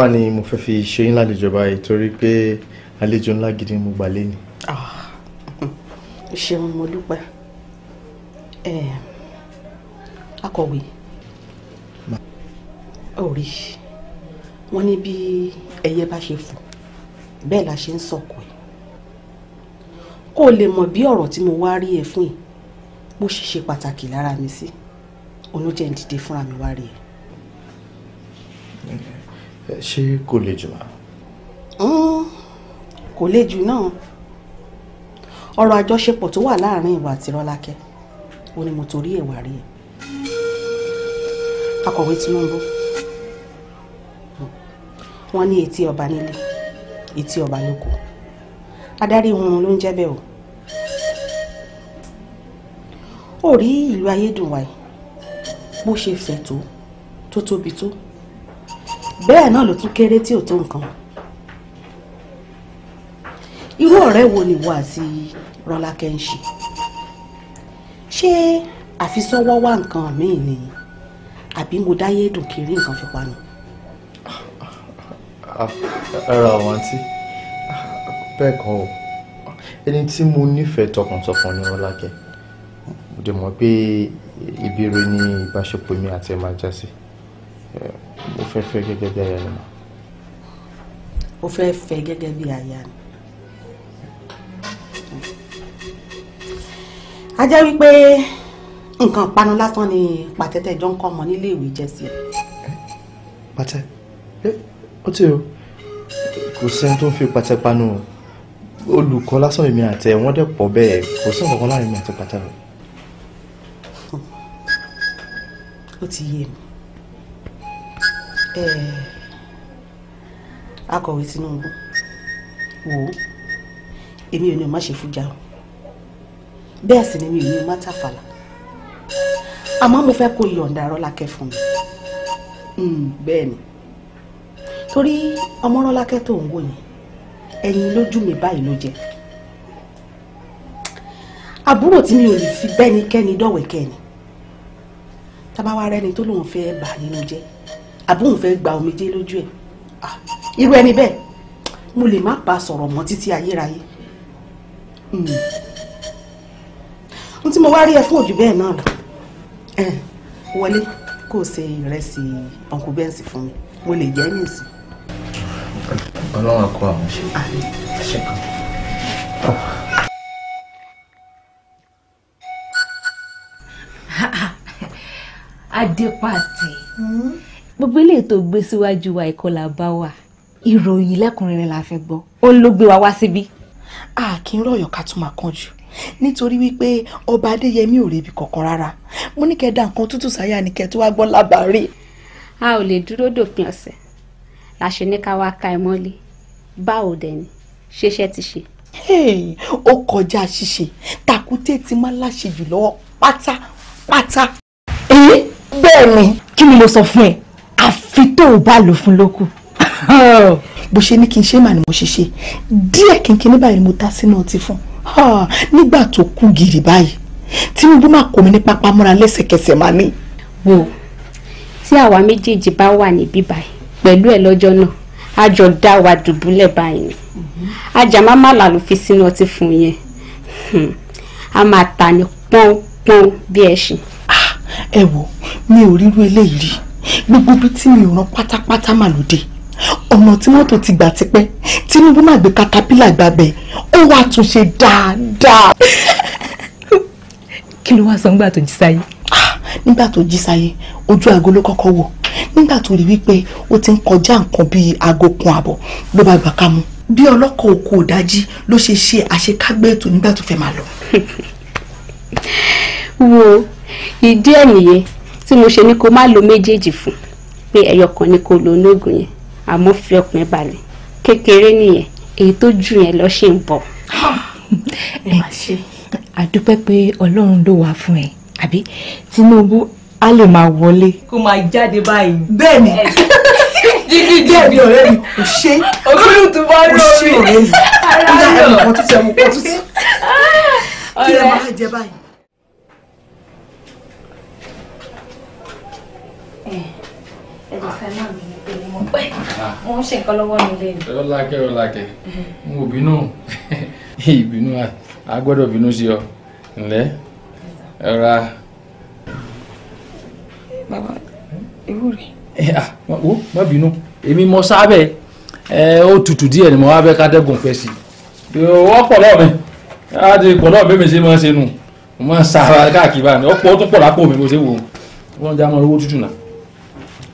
E: wà ní mo fẹ́ fi ṣe yín lálejò báyìí torí pé àlejò ńlá gidi mo gbà lé ni. Ah,
A: ṣeun mo dúpẹ́ akọ̀wé orí wọ́n ní bí ẹyẹ bá ṣe fò bẹ́ẹ̀ la ṣe ń sọ̀kò ẹ̀ kó o lè mọ̀ bí ọ̀rọ̀ tí mo wá rí ẹ fún yìí bó ṣe ṣe pàtàkì lára mi sí onújẹ́ ń dìde fúnra mi wá rí ẹ.
C: Eh, ṣé
E: kò le jù wá.
A: Oh, kò le jù náà ọ̀rọ̀ àjọṣepọ̀ tó wà láàárín ìwà àti rọ́lákẹ́ o ní mo torí ẹ̀wà rí ẹ̀ akọ̀wé Tinubu wọ́n ní etí ọba nílé etí ọba lóko adarí wọn ló ń jẹ́ bẹ́ẹ̀ o ò rí ìlú ayédùn wáyé bó ṣe fẹ̀ tó tó tóbi tó. tó bẹ́ẹ̀ náà ló tún kéré tí ò tó nǹkan irú ọ̀rẹ́ wo ni wà sí Rọ́lákẹ́ ń ṣe ṣé àfisọ́wọ́ wá nǹkan míì ni àbí mo dáyé dùn kiri nǹkan fi pa ni.
E: ara àwọn àǹtí bẹ́ẹ̀ kọ́ o ẹni tí mo nífẹ̀ẹ́ tọkàntọkàn ni Rọ́lákẹ́ mo dẹ̀ mọ̀ pé ìbéèrè ni ìbáṣepọ̀ mi àti ẹ̀ máa já sí mo fẹ́ fẹ́ gẹ́gẹ́ bí aya ni mà.
A: o fẹ́ fẹ́ gẹ́gẹ́ bí aya ni. a jẹ́ wípé nǹkan panu lásán ni pàtẹ́tẹ̀ jọ ń kọ́ ọmọ nílé ìwé jẹ́ sí. pàtẹ eh, ó
E: ti o kò sí ẹni tó ń fi pàtẹ panu o olùkọ́ lásán èmi àtẹ wọ́n dẹ̀ pọ̀ bẹ́ẹ̀ kò sí nǹkan láàrin mi àti pàtẹ rẹ̀.
A: ó ti yé mi akọ̀wé Tinubu wò ó èmi ò ní o má ṣe fújà o bẹ́ẹ̀ sì ni mi ò ní o má tàfàlà àmọ́ mo fẹ́ kó yọ̀ǹda rọ́lákẹ́ fún mi hmm, bẹ́ẹ̀ ni torí ọmọ rọ́lákẹ́ tó ń wò yẹn ẹ̀yìn lójú mi báyìí ló jẹ́ àbúrò tí mi ò lè fi bẹ́nikẹ́ni dọ̀wẹ̀kẹ́ ni tá bá wá rẹ́ni tó lóun fẹ́ bà nínú jẹ́ àbóhùn fẹ́ gba omijé lójú ẹ̀ ah, irú ẹni bẹ́ẹ̀ mo lè má bá a sọ̀rọ̀ mọ́ títí ayérayé hmm. n tí mo wá rí ẹ fún òjú bẹ́ẹ̀ náà lọ wọlé kó o ṣe ìrẹsì ọ̀nkú bẹ́ǹsì fún mi mo lè jẹ́ ní ìsìn.
E: ọlọ́run kó àwọn ṣe
A: ṣe kan. <laughs> adépàtì. Mm-hmm gbogbo eléyìí tó gbé síwájú wa ẹ̀kọ́ la bá wà ìròyìn lẹ́kùnrẹ́rẹ́ la fẹ́ gbọ́ ó ló gbé wa wá síbí. a kì í rọ̀yọ̀ ká tún máa kánjú nítorí wípé ọba adéyẹmí ò rebi kankan rárá mo ní kẹ́ nǹkan tútù sáyà ní kẹ́ wá gbọ́ lábàárẹ̀. a ò lè dúró dòpin ọ̀sẹ̀ la ṣe ní ká wá ka ẹ mọ́lé báwo dẹ̀ ni ṣeṣẹ́ ti ṣe. ó kọjá ṣíṣe tàkúté ti máa láṣejù lọ́wọ́ pátápátá. Eh, bẹ́ẹ̀ ni kí ni mo sọ fún ẹ àfi tó o bá lò fún lókù <laughs> bó ṣe ní kí n ṣe mà ni mo ṣe ṣe díẹ̀ kínkín ní báyìí ni mo ta sínú ọtí fún ah, nígbà tó kú gìrì báyìí Tinubu máa kó mi ní pápá lẹ́sẹ̀kẹsẹ̀ máa ní. wo tí àwa méjèèjì bá wà níbí báyìí pẹ̀lú ẹ̀ lọ́jọ́ náà a jọ dá wa dùbúlẹ̀ báyìí ni ajàmámàlà ló fi sínú ọtí fún yẹn hmm, a máa ta ni pọ́npọ́n bí ah, ẹ ṣe. ẹ wo mi ò ríru eléyìí rí gbogbo bíi tí mi ò rán pátápátá mà lóde ọ̀nà tí mọ́tò ti gbà tipẹ́ tinubu má gbé katapila gbàbẹ̀ ó wàá tún ṣe dáadáa. <laughs> kí ló wá sọ nígbà tó jí sáyé. Ah, nígbà tó jí sáyé ojú aago ló kọ́kọ́ wò nígbà tó rí wípé ó ti ń kọjá nǹkan bíi aago kan àbọ̀ ló bá gbà ká mú. bí ọlọ́kọ̀ òkú òdájí ló ṣe ṣe àṣekágbé ètò nígbà tó fẹ́ máa lọ. <laughs> wo ìdí ẹ̀ nìyẹn tí mo ṣe ni kó má lo méjèèjì fún pé ẹyọ kan ni kó lo onígun yẹn àmọ́ fi ọkàn balẹ̀ kékeré nìyẹn èyí tó jù yẹn lọ ṣe ń bọ̀. ẹ má ṣe. àdúpẹ́ pé ọlọ́run ló wà fún ẹ àbí Tinubu á lè máa wọlé. kó máa jáde báyìí. bẹ́ẹ̀ni jíjí díẹ̀ bí mi
D: kò ṣe. òkúlù tó bá lórí. kò ṣe ọ̀rẹ́ mi. ara rẹ̀ ọ̀rẹ́ mi kò tún tẹ̀ mú kó kí ló
A: máa jẹ báyìí. pẹ̀lú sẹ́nà mi ni pé mo pẹ́ mo ń ṣe
F: nǹkan lọ́wọ́ mi lẹ́nu. ó lákẹ́ ó lákẹ́ n ò bínú ìbínú a gbọ́dọ̀ bínú sí ọ ǹlẹ́ ẹ̀ra. bàbá ewu rè. wo má bínú èmi mọ sábẹ́ ó tutù díẹ̀ ni mo wá fẹ́ kátẹ́gùn fẹ́ sí i wọ́pọ̀ lọ́ọ̀ mi láti pọ̀ lọ́ọ̀ bẹ́ẹ̀ mi ṣe máa ń ṣe nù mo máa ń sa ara káàkiri báyìí ọ̀pọ̀ tó pọ̀ lápò mi bó ṣe wò ó wọ́n já mọ́ owó tútù náà.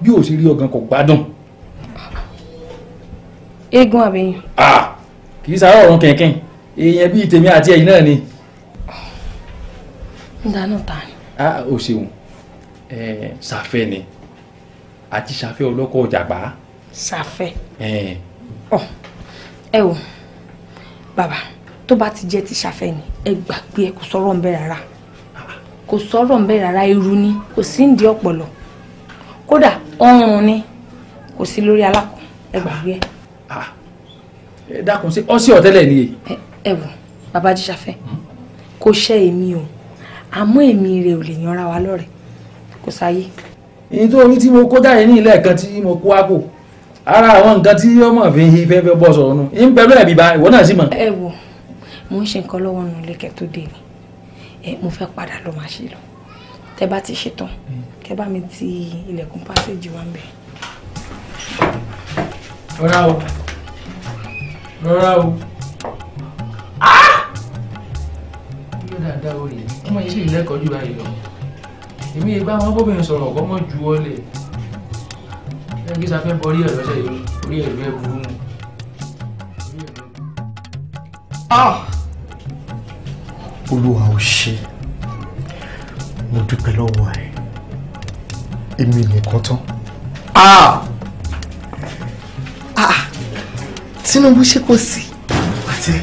F: bí o ṣe rí ọgàn kò gbádùn.
A: eégún àbẹ̀yìn.
F: kì í sáré ọ̀run kẹ̀kẹ́ èèyàn bíi tèmi àti ẹ̀yin náà ni.
A: ń dáná ta ni.
F: o ṣeun ṣàfẹ́ ni àti ṣàfẹ́ ọlọ́kọ̀ ọ̀jàgbá.
A: ṣàfẹ́. ẹ wò bàbá tó bá ti jẹ́ ti ṣàfẹ́ ni ẹ gbàgbé ẹ kò sọ̀rọ̀ ń bẹ rárá kò sọ̀rọ̀ ń bẹ rárá irú ni kò sí ń di ọ̀pọ̀lọ̀. kódà ọrùn ni kò sí lórí alákùn ẹgbàgbé ah, ah.
F: ẹ. dákun ọtẹlẹ ni.
A: ẹ wò bàbá kò ṣe èmi o èmi ò lè yanra wa
F: kò sáyé. tí mo kó ní ilé ẹ̀kan tí mo ara àwọn nǹkan ọmọ fi bọ́ nù ń ìwọ náà sì mọ̀.
A: ẹ wò mo ń ṣe nǹkan lọ́wọ́ nù lẹ́kẹ̀ẹ́ tó dé ni mo fẹ́ padà lọ tẹ bá ti tán. Hmm. kẹ bá mi ti ilẹ̀kùn pásíjì wa ń bẹ̀.
F: rọra o rọra o yóò ah! dáadáa o rè ọmọ yìí sì lẹ́kọ̀ọ́ jù báyìí lọ èmi yìí bá wọn bóbìnrin sọ̀rọ̀ ọ̀kọ́ mọ̀ ju ọlẹ̀ ẹgbẹ́ sáfẹ́ bọ́rí ẹ̀ lọ́sẹ̀ yìí orí ẹ̀ lọ́ẹ̀ burú mu. Ah!
B: olúwa ò ṣe mo dúpẹ́ lọ́wọ́ ẹ̀ èmi nìkan tán. Ah!
D: Ah! Tinubu ṣe kò sí.
C: pàtẹ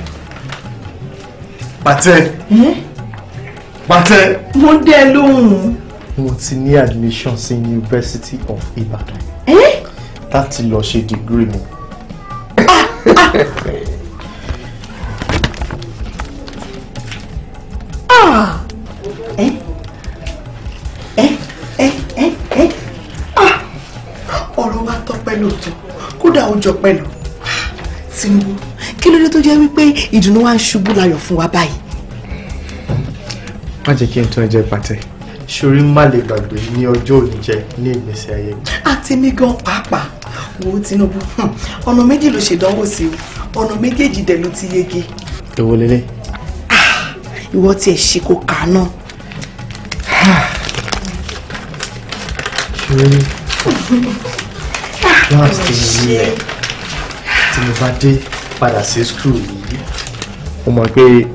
E: pàtẹ pàtẹ.
D: mo dẹ lóhùn.
E: mo ti ní admission sí University of Ibadan láti lọ ṣe degree mi. Ah! <laughs>
A: àwùjọ pẹ̀lú. Tinubu kí ló dé tó jẹ́ wípé ìdùnnú wa ń ṣubú láyọ̀ fún wa báyìí.
E: má jẹ́ kí n tún ẹ jẹ́ pàtẹ́ ṣorí má lè gbàgbé ní ọjọ́ òní jẹ́ ní ìgbésí ayé mi.
A: àti mi gan pàápàá wo Tinubu hmm, ọ̀nà méjì ló ṣèdánwò sí o ọ̀nà méjèèjì dẹ̀ ló ti yege. èwo lélẹ̀. Ah, ìwọ tiẹ̀ ṣe kó kà á náà.
E: ṣorí last thing nílẹ̀ tí mo bá dé padà sí school yìí. mo mọ̀ pé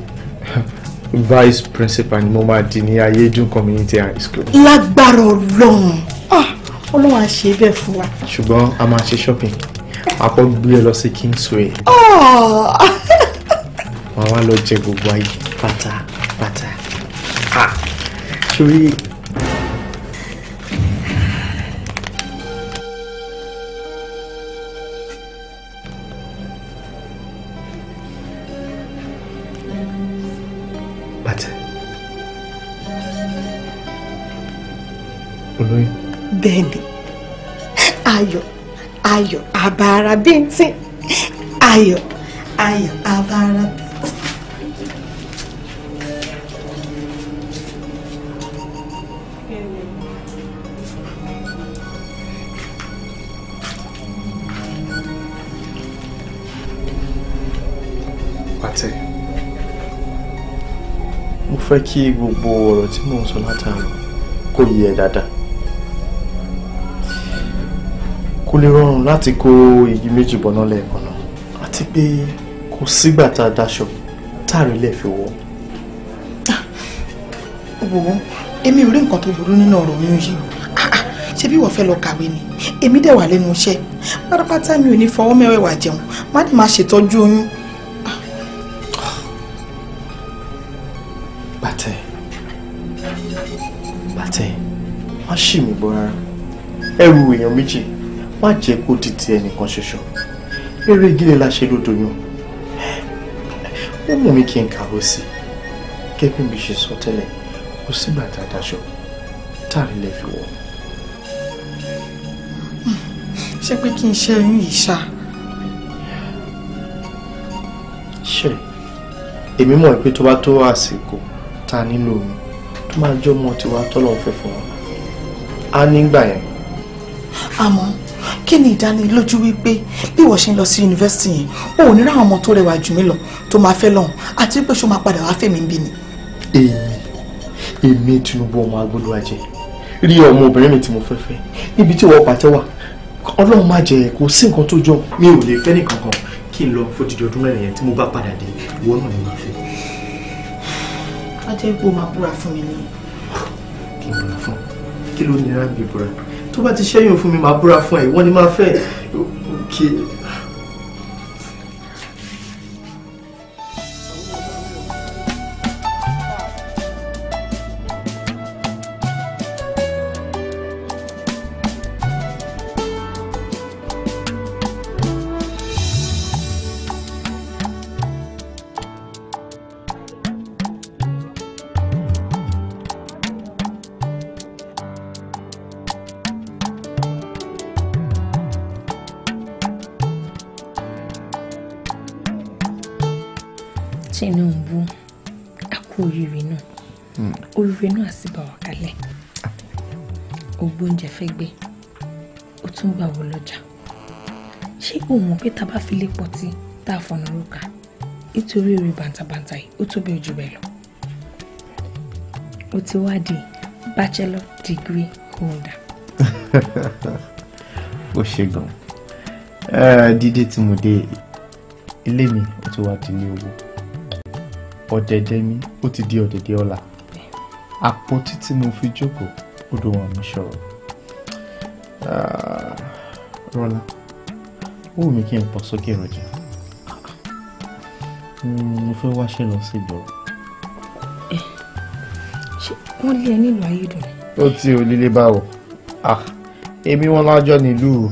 E: vice principal ni mo máa di ní ayédùn community high school.
A: lágbára ọlọ́run ah, ọlọ́run á ṣe bẹ́ẹ̀ fún wa.
E: ṣùgbọ́n a máa ṣe shopping àpọ̀ gbé ẹ e lọ sí kingsway.
H: wàá ah.
E: wá lọ jẹ gbogbo ayé pátápátá. Ah,
B: sórí
A: ayọ̀ ayọ̀ àbàrà bíntín ayọ̀ ayọ̀ àbàrà bíntín.
E: fẹ́ kí gbogbo ọ̀rọ̀ tí mò ń sọ látàárọ̀ kó yé dáadáa kó lè rọrùn láti kó igi méjì bọ́ná lẹ́ẹ̀kan náà àti pé kò sígbà tá a daṣọ táàrí lè fi wọ̀.
A: Ah, wò ó èmi ò rí nǹkan tó burú nínú ọ̀rọ̀ oyún yìí ah, ah, ṣé bí wọ́n fẹ́ lọ kàwé ni èmi dẹ̀ wà lẹ́nu iṣẹ́ pátápátá mi ò ní fọwọ́ mẹ́wẹ̀ẹ̀wà jẹun má dì máa ṣètọ́jú oyún.
E: bàtẹ́ bàtẹ́ má ṣì mí gbọ́ rárá ẹrù èèyàn méjì má jẹ́ kó di ti ẹnìkan ṣoṣo eré ìdílé la ṣe lódò yàn ó mú mi kí n kàwé sí i gẹ́gẹ́ bí ṣe sọ tẹ́lẹ̀ kò sígbà tá a daṣọ tá a rí lè fi wọ̀.
D: ṣé pé kí n ṣe oyún yìí ṣá.
E: ṣe èmi mọ̀ pé tó bá tó àsìkò tá a nílò omi tó máa jọ́ mọ́ tiwa tọ́lọ́ fẹ́ fún wa á nígbà yẹn.
A: àmọ́ kí ni ìdánilójú wípé bí ìwọ ṣe ń lọ sí yunifásitì yẹn o ò ní ra àwọn ọmọ tó rẹwà jù mí lọ tó máa fẹ́ lọ́hùn àti pé ṣó máa padà wá fèmí bí ni.
E: èmi èmi Tinubu ọmọ agbóluwàjẹ rí ọmọ obìnrin mi tí mo fẹ́ fẹ́ níbi tí ìwọ pàtẹ́ wà ọlọ́run má jẹ́ kó sí nǹkan tó jọ mi ò lè fẹ́ nìkankan kí n lọ fojìdí ọdún mẹ́rin yẹn tí mo bá padà dé ìwọ náà ni màá fẹ́.
A: ajẹ́ ipò máa búra fún mi ni.
E: kí tó bá ti ṣẹ́yìn fún mi màá búra fún ẹ ìwọ ni máa fẹ́ òkè.
A: fẹ́ gbé ó tún gbà wọ lọ́jà ṣé o mọ̀ pé tá a bá fi lè pọtí tá a fọ̀nà rúkà nítorí orí bàǹtàbàǹtà yìí ó tóbi jù bẹ́ẹ̀ lọ ó ti wá di bachelor degree holder.
E: <laughs> ó ṣe gan dídé tí mo dé ilé mi ó ti wá di ní owó ọ̀dẹ̀dẹ̀ mi ó ti di ọ̀dẹ̀dẹ̀ ọ̀la àpótí tí mo fi jókòó ó dùn wọn mi sọ̀rọ̀. Ah, rọ́lá ó wù mí kí n pọ̀ sókè rọjà hmm, mo fẹ́ wáṣẹ́ lọ sí ìgboro. Eh,
A: ṣé wọ́n lé ẹ nílùú ayédùn.
E: ó ti ò líle báwo ah, èmi wọn lájọ nílùú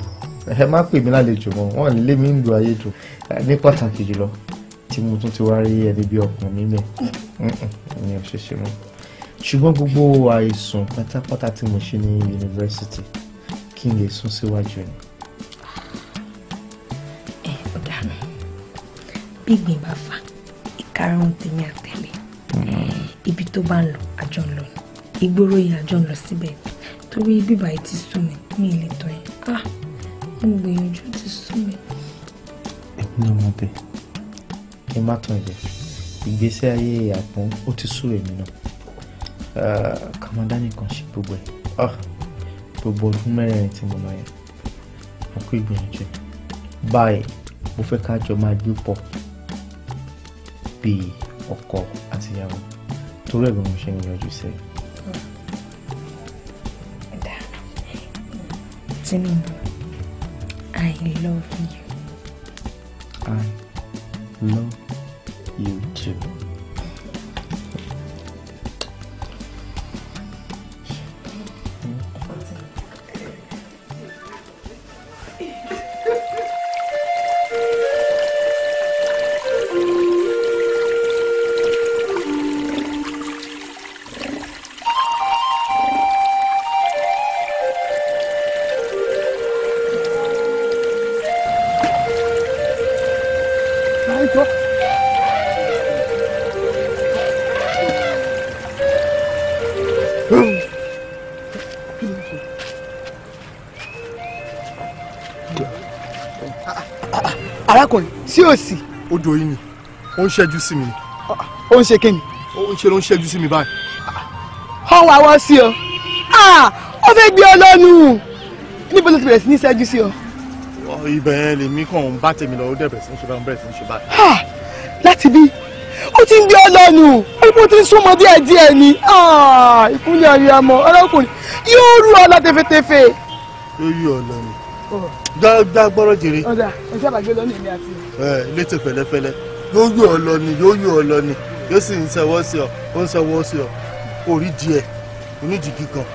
E: ẹ má pè mí lálejò mọ́ wọn nílé mi ń lu ayédùn ní pàtàkì jùlọ tí mo tún ti wá rí ẹni bí ọkàn mi mẹ ní ọ̀ṣẹ̀ṣẹ̀ mọ́ ṣùgbọ́n gbogbo àìsàn pátápátá tí mo ṣe ní yunifásitì Quem é lè sún síwájú ni.
A: ẹ ò bafa, bí ìgbín tem a ìkarahun tèmi àtẹlẹ a hmm. tó bá ń lọ àjọ ń lọ ìgboro yìí àjọ ń lọ síbẹ̀ torí bíbá yìí ti sún mi mi lè tọ́ yẹn ah mo gbìyànjú ti sún mi.
E: èmi náà mọ̀ bẹ́ẹ̀ kí n má ayé àpọ́n ó ti sú èmi náà ah, kàmọ́dá nìkan ṣe gbogbo ẹ̀. Ah gbogbo ọdún mẹ́rin tí mo lọ yẹn mo kú ìgbìyànjú báyìí mo fẹ́ ká jọ máa gbé pọ̀ bíi ọkọ àtìyàwó torí ẹ̀gbọ́n mo ṣe ń yọjú sí i.
A: Tinubu, I love you.
E: I love you too.
B: sí òsì. odò yìí ni ó ń ṣẹ́jú sí mi ni. ó ń ṣe kí ni. ó ń ṣe ló ń ṣẹ́jú sí mi báyìí. ó wà wá sí ọ ó fẹ́ gbé ọ lọ́nu níbo ló ti bẹ̀rẹ̀ sí ní ṣẹ́jú sí ọ.
E: ibẹ̀ yẹn lèmi kàn ń bá tèmi lọ ó dẹ̀ bẹ̀rẹ̀ sí ní ṣe báyìí bẹ̀rẹ̀ sí ní ṣe
B: báyìí.
D: láti bí ó ti ń gbé ọ lọ́nu ó ti ń súnmọ́ díẹ̀ díẹ̀ ni ìkúnlẹ̀ àríyá mọ́ ọlọ́kùnrin yóò rú
E: ọ lọ tẹfẹtẹfẹ. yí ọ lọ́nu gbá gbọ́rọ̀ jèrè.
A: ọ̀dà ẹ sábà gbé lọ́nà èmi àti.
E: ẹ létò fẹlẹfẹlẹ yóò yọ ọ lọ ni yóò yọ ọ lọ ni yóò sì ń sẹwọ́ sí ọ ó ń sẹwọ́ sí ọ orí díẹ̀ onídìí kíkan.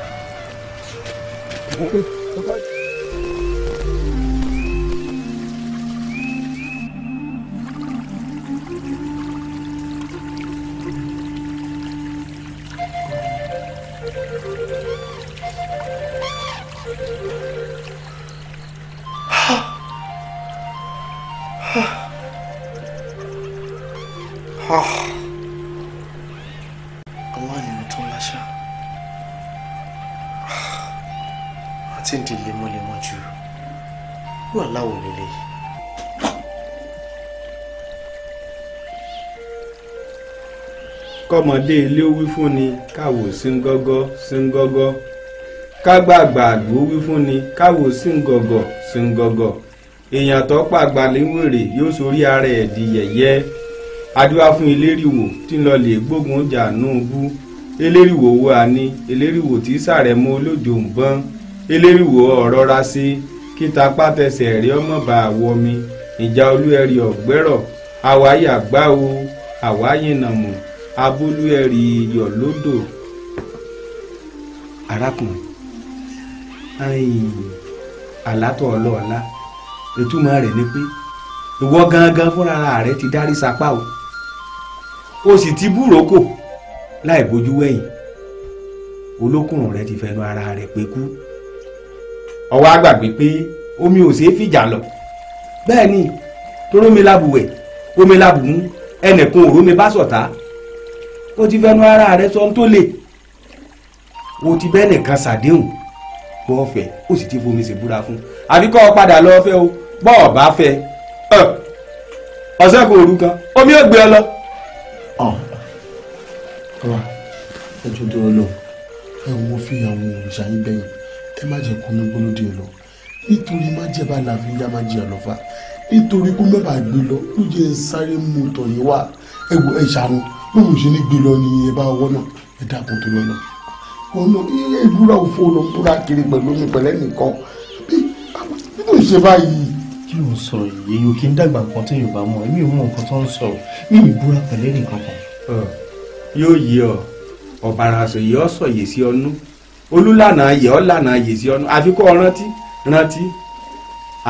I: tọmọdé ilé wí fún ni káwò sí ń gọ́gọ́ sí ń gọ́gọ́ kágbàgbà àgbò wí fún ni káwò sí ń gọ̀gọ̀ sí ń gọ̀gọ̀ èèyàn tó pàgbà léwèrè yóò sorí ara ẹ̀ di yẹ̀yẹ́ adúlá fún eléríwò tí ń lọ lè gbógun jà núubú eléríwò wo àní eléríwò tí sàrẹ̀ mọ́ olójó ń bọ́n eléríwò ọ̀rọ̀ ra sí kíta pátẹsẹ̀ rí ọmọ bá àwọ mi ìjà olú ẹ̀rí ọ̀gbẹ́rọ̀ àwáyé àgbáwo àwáyé nàmọ̀ abolúẹ̀rì iyọ̀ lódò arákùnrin ayin àlátọ̀ ọlọ́ọ̀lá ìtumọ̀ rẹ̀ ni pé ìwọ gangan fúnra rẹ ti dárí sapá o o sì ti búròkò láì bójú wẹ̀yìn olókùnrin rẹ ti fẹnu ara rẹ pé kú ọwọ́ àgbàgbé pé omi ò ṣeé fìjà lọ bẹ́ẹ̀ ni torómi lábùwẹ̀ omi lábùmú ẹnìkan òrómi bá sọ̀tá. So ó ti fẹnu ara rẹ sọ tó lè o ti bẹ́ẹ̀ nìkan ṣàdéhùn bọ́ ọ̀fẹ́ ó sì ti fomi ṣèbúra fún àbí kọ́ ọ padà lọ fẹ́ o bọ́ ọ bá fẹ́ ọ̀sẹ̀ kò rú kan omi ò gbé ọ lọ.
B: ọ̀rọ̀ ẹjọ́ tó lọ ẹ wo fi àwọn òrìṣà yín bẹ́yìn ẹ má jẹ́ kómi gbólódé lọ nítorí má jẹ́ bá làfi yá má jẹ́ àlọ́fà nítorí kó mẹ́bàá gbé lọ ló jẹ́ sáré mú tọ̀yìn wá ẹ̀ṣàrùn bóun ṣe ní gbé lọ ni ẹ bá wọ́n náà ẹ dákun tó lọ́nà ọ̀nà ilé ìbúra òfò ló búra kiri pẹ̀lú mi pẹ̀lẹ́ nìkan bí bóun ṣe báyìí.
E: kí ló ń sọ yìí èyí ò kí ń dàgbà nǹkan tó yorùbá mọ èmi ò mọ nǹkan tó ń sọ mi ì búra pẹ̀lẹ́ nìkan kan.
I: yóò yí ọ ọ̀bàrà yìí ọ sọ yèsí ọnú olúlànà yẹ ọ lànà yèsí ọnú àfi kó rántí rántí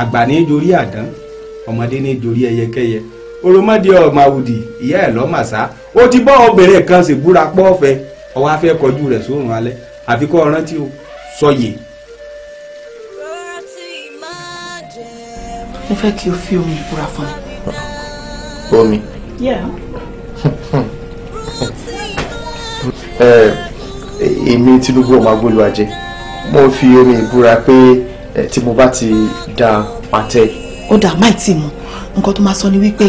I: àgbà ní dorí àdán ọmọdé ní dorí ẹyẹkẹyẹ oromọdé ọmọwùdì ìyá ẹ lọmọọsá ó ti bọ obìnrin kan sì búra pọọfẹ ọwọ afẹ kọjú rẹ sórun alẹ́ àfikọ ọrántí o sọyè.
D: mo fẹ́ kí o fi omi ìbúra fún
H: mi. omi. <laughs>
E: Eh, èmi Tinubu ọmọ agbóluwa jẹ mo fi omi ìbúra pé eh, tí mo bá ti da pàtẹ.
A: ó dà máì tì mọ́ nǹkan tó máa sọ ni wípé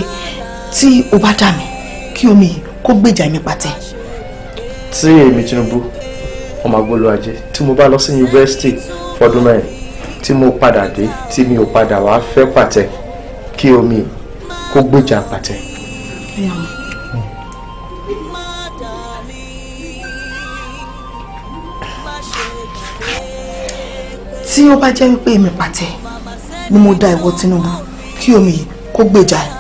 A: tí o bá dà mí kí omi yìí kó gbèjà mi pàtẹ.
E: tí èmi Tinubu ọmọ agbolo ajé tí mo bá lọ sí yunifásitì fọdún mẹ́rin tí mo padà dé tí mi ò padà wá fẹ́ pàtẹ kí omi kó gbèjà pàtẹ.
A: tí ó bá jẹ́ wípé èmi pàtẹ ni mo dá ìwọ Tinubu kí omi kó gbèjà ẹ̀.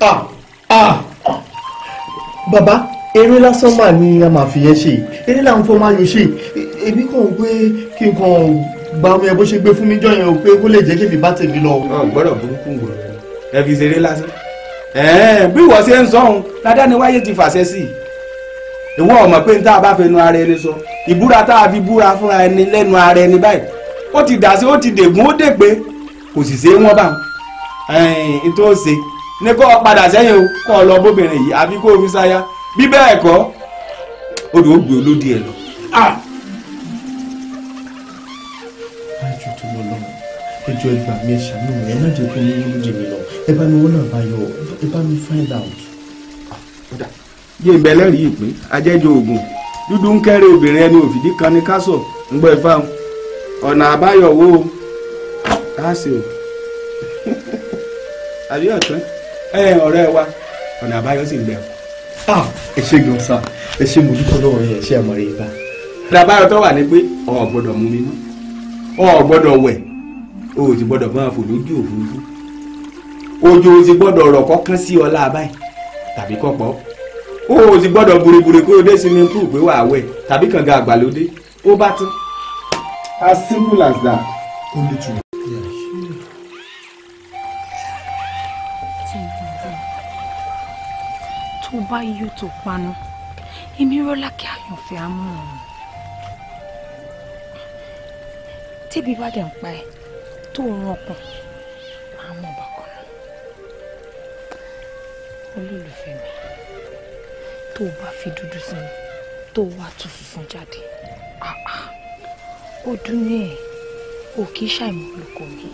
E: Ah, ah. bàbá eré lásán mà ni a máa fi yẹn ṣe eré làwọn fọmọ ayò ṣe èmi kàn pé kí n kàn gbàmù
I: ẹ bó ṣe gbé fún mi jọyàn pé kó lè jẹ́ kí bá tèmi lọ. gbọ́dọ̀ burúkú wò ẹ fi ṣeré lásán bí wọ́n ṣe ń sọ́hun dáadáa ni wáyé ti fàṣẹ sí i ìwọ ọmọ pé tá a bá fẹnu ara ẹni sọ ìbúra tá a fi búra fúnra ẹni lẹ́nu ara ẹni báyìí ó ti dà sí ó ti dègún ó dègbé kò sì ṣe é wọ́n bá ń tó ṣe ní kó o padà sẹ́yìn o kó o lọ bóbìnrin yìí àbí kó o fi ṣáyà bí bẹ́ẹ̀ kọ́ odò ó gbé olódì ẹ̀ lọ. Ah!
E: ẹjọ́ ẹ gbà mí ẹ ṣàánú mi ẹ má jẹ́ kó ní lóde mi lọ ẹ bá mi wọ́n náà
I: báyọ̀ ẹ bá mi find out. Ah, yé ìbẹ́lẹ́rìí ìpín ajẹ́jọ oògùn dúdú ń kẹ́rẹ́ obìnrin ẹni òfìdí kan ní kásọ̀ ń gbọ́ ifá wọn ọ̀nà àbáyọ wo láàṣẹ o <laughs> àbí ọ̀tún ẹ ọ̀rẹ́ wa ọ̀nà àbáyọ sì ń bẹ̀rù. ẹ ṣe gan sa ẹ ṣe mo dúpọ́ lọ́wọ́ yẹn ṣe àmọ́ rẹ̀ bá. ọ̀nà àbáyọ tó wà ní pé o gbọ́dọ̀ mú mi mọ́ o gbọ́dọ̀ wẹ̀ o ò ti gbọ́dọ̀ máa fò lójú òfurufú òjò ò ti gbọ́dọ̀ ọ̀rọ̀ kọ́kán sí ọ láàbáyé tàbí kọ́pọ̀ o ò ti gbọ́dọ̀ burúburú kó o dé swimming pool pé wàá wẹ̀ tàbí kànga àgbàlódé ó bá tán. as simple as that
B: only two.
A: tó bá yóò tó panu èmi rọ́lá kí àyànfẹ́ á mú un. tíbi bá dẹ̀ ń pa ẹ́ tó rún ọkàn máa mọ̀ bákan náà olólùfẹ́ mi tó o bá fi dúdú sí mi tó o wá tún funfun jáde ó dún ní ẹ̀ o kì í ṣàìmọ̀ olùkọ́ mi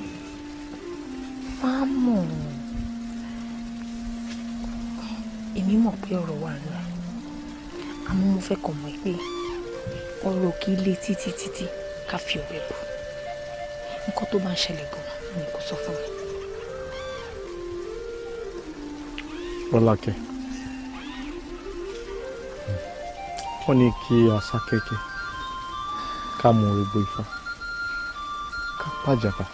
A: máa mọ̀ èmi mọ̀ pé ọ̀rọ̀ wà ńlá àmọ́ mo fẹ́ kàn mọ́ pé ọ̀rọ̀ kì í le títí títí ká fi ọ̀rẹ́ bù nǹkan tó bá ń ṣẹlẹ̀ gan-an ni kò sọ fún mi.
E: Bọ́lákẹ́ wọ́n ní kí a sá kẹ́kẹ́ ká mú orígbó ifá ká pàjàkà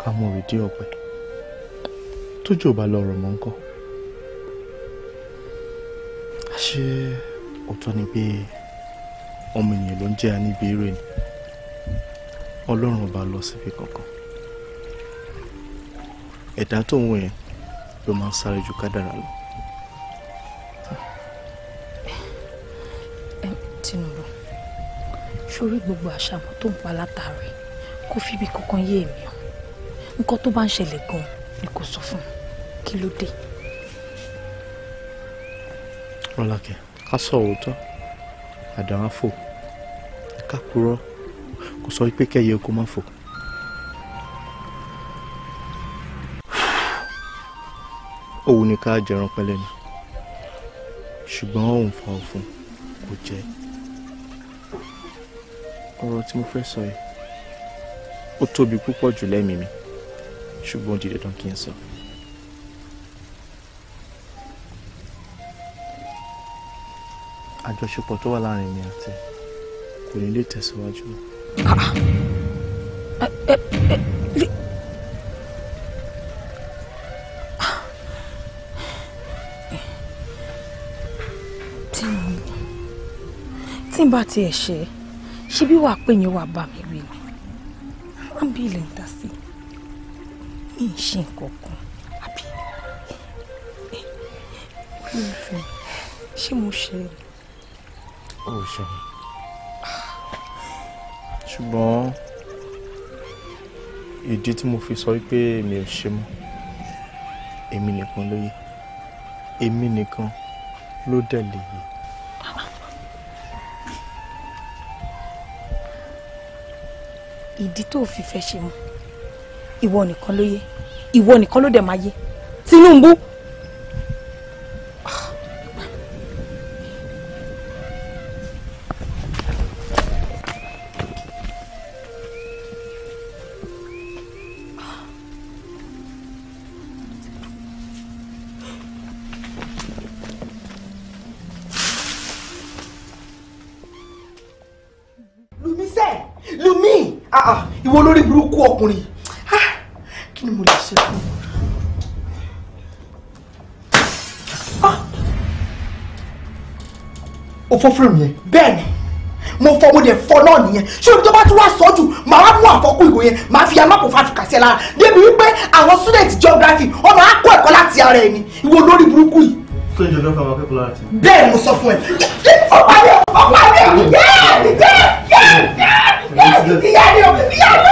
E: ká mú òrìdí ọ̀pẹ tójú ò bá lọ ọ̀rọ̀ mọ́ ń kọ́ àṣé òótọ́ ni pé ọmọ ènìyàn ló ń jẹ́ aníbi eré ni ọlọ́run bá lọ síbi kankan ẹ̀dá tó ń wọ̀ yẹn ló máa ń sáré ju kádàrá lọ.
A: Tinubu sórí gbogbo àṣàmọ tó ń pa látàrí kó fíbi kankan yé èmi o nǹkan tó bá ń ṣẹlẹ̀ gan-an ni kò sọ fún un kí ló dé.
E: Rọ́lákẹ́ ká sọ òótọ́ àdáwáfò ká purọ́ kò sọ pé kẹyẹ kó má fò. òun ni ká jẹran pẹ̀lẹ́ ni ṣùgbọ́n òun fa òfun kò jẹ ọ̀rọ̀ tí mo fẹ́ sọ yìí ó tóbi púpọ̀ jù lẹ́mìí mi ṣùgbọ́n jíde dán kí n sọ. àjọṣepọ̀ tó wà láàrin mi àti kò ní lè tẹ̀síwájú mọ́ tí
A: n bá tiẹ̀ ṣe ṣe bí wàá pè yín wàá bá mi wí ni wọ́n bí ilẹ̀ ń ta sí mi ì ṣe nǹkan kan àbí ṣé mo ṣe.
E: o ṣeun ṣùgbọ́n ìdí tí mo fi sọ pé mi ò ṣe mọ́ èmi nìkan ló yẹ èmi nìkan ló dẹ̀ lè yẹ.
A: ìdí tó fi fẹ́ ṣe mọ́ ìwọ nìkan ló yẹ ìwọ nìkan ló dẹ̀ máa yẹ
D: Tinubu.
B: fọ́ fúrèmù yẹn. bẹ́ẹ̀ni mo fọ mo dẹ̀ fọ náà nìyẹn ṣé omi tó bá tún wá sọ jù màá
A: mú àfọkù ìgò yẹn màá fi amákò fàtúkà sí ẹ lára débi wípé àwọn student geography ọmọ akọ ẹ̀kọ́ láti ara ẹni ìwọ lórí
E: burúkú yìí. student geography àwọn akẹ́kọ̀ọ́ láti.
A: bẹ́ẹ̀ mo sọ fún ẹ
H: ọ̀pá mi ọ̀pá mi yẹ́ẹ̀ yẹ́ẹ̀ yẹ́ẹ̀ yẹ́ẹ̀ ìyá ni o ìyá ni o.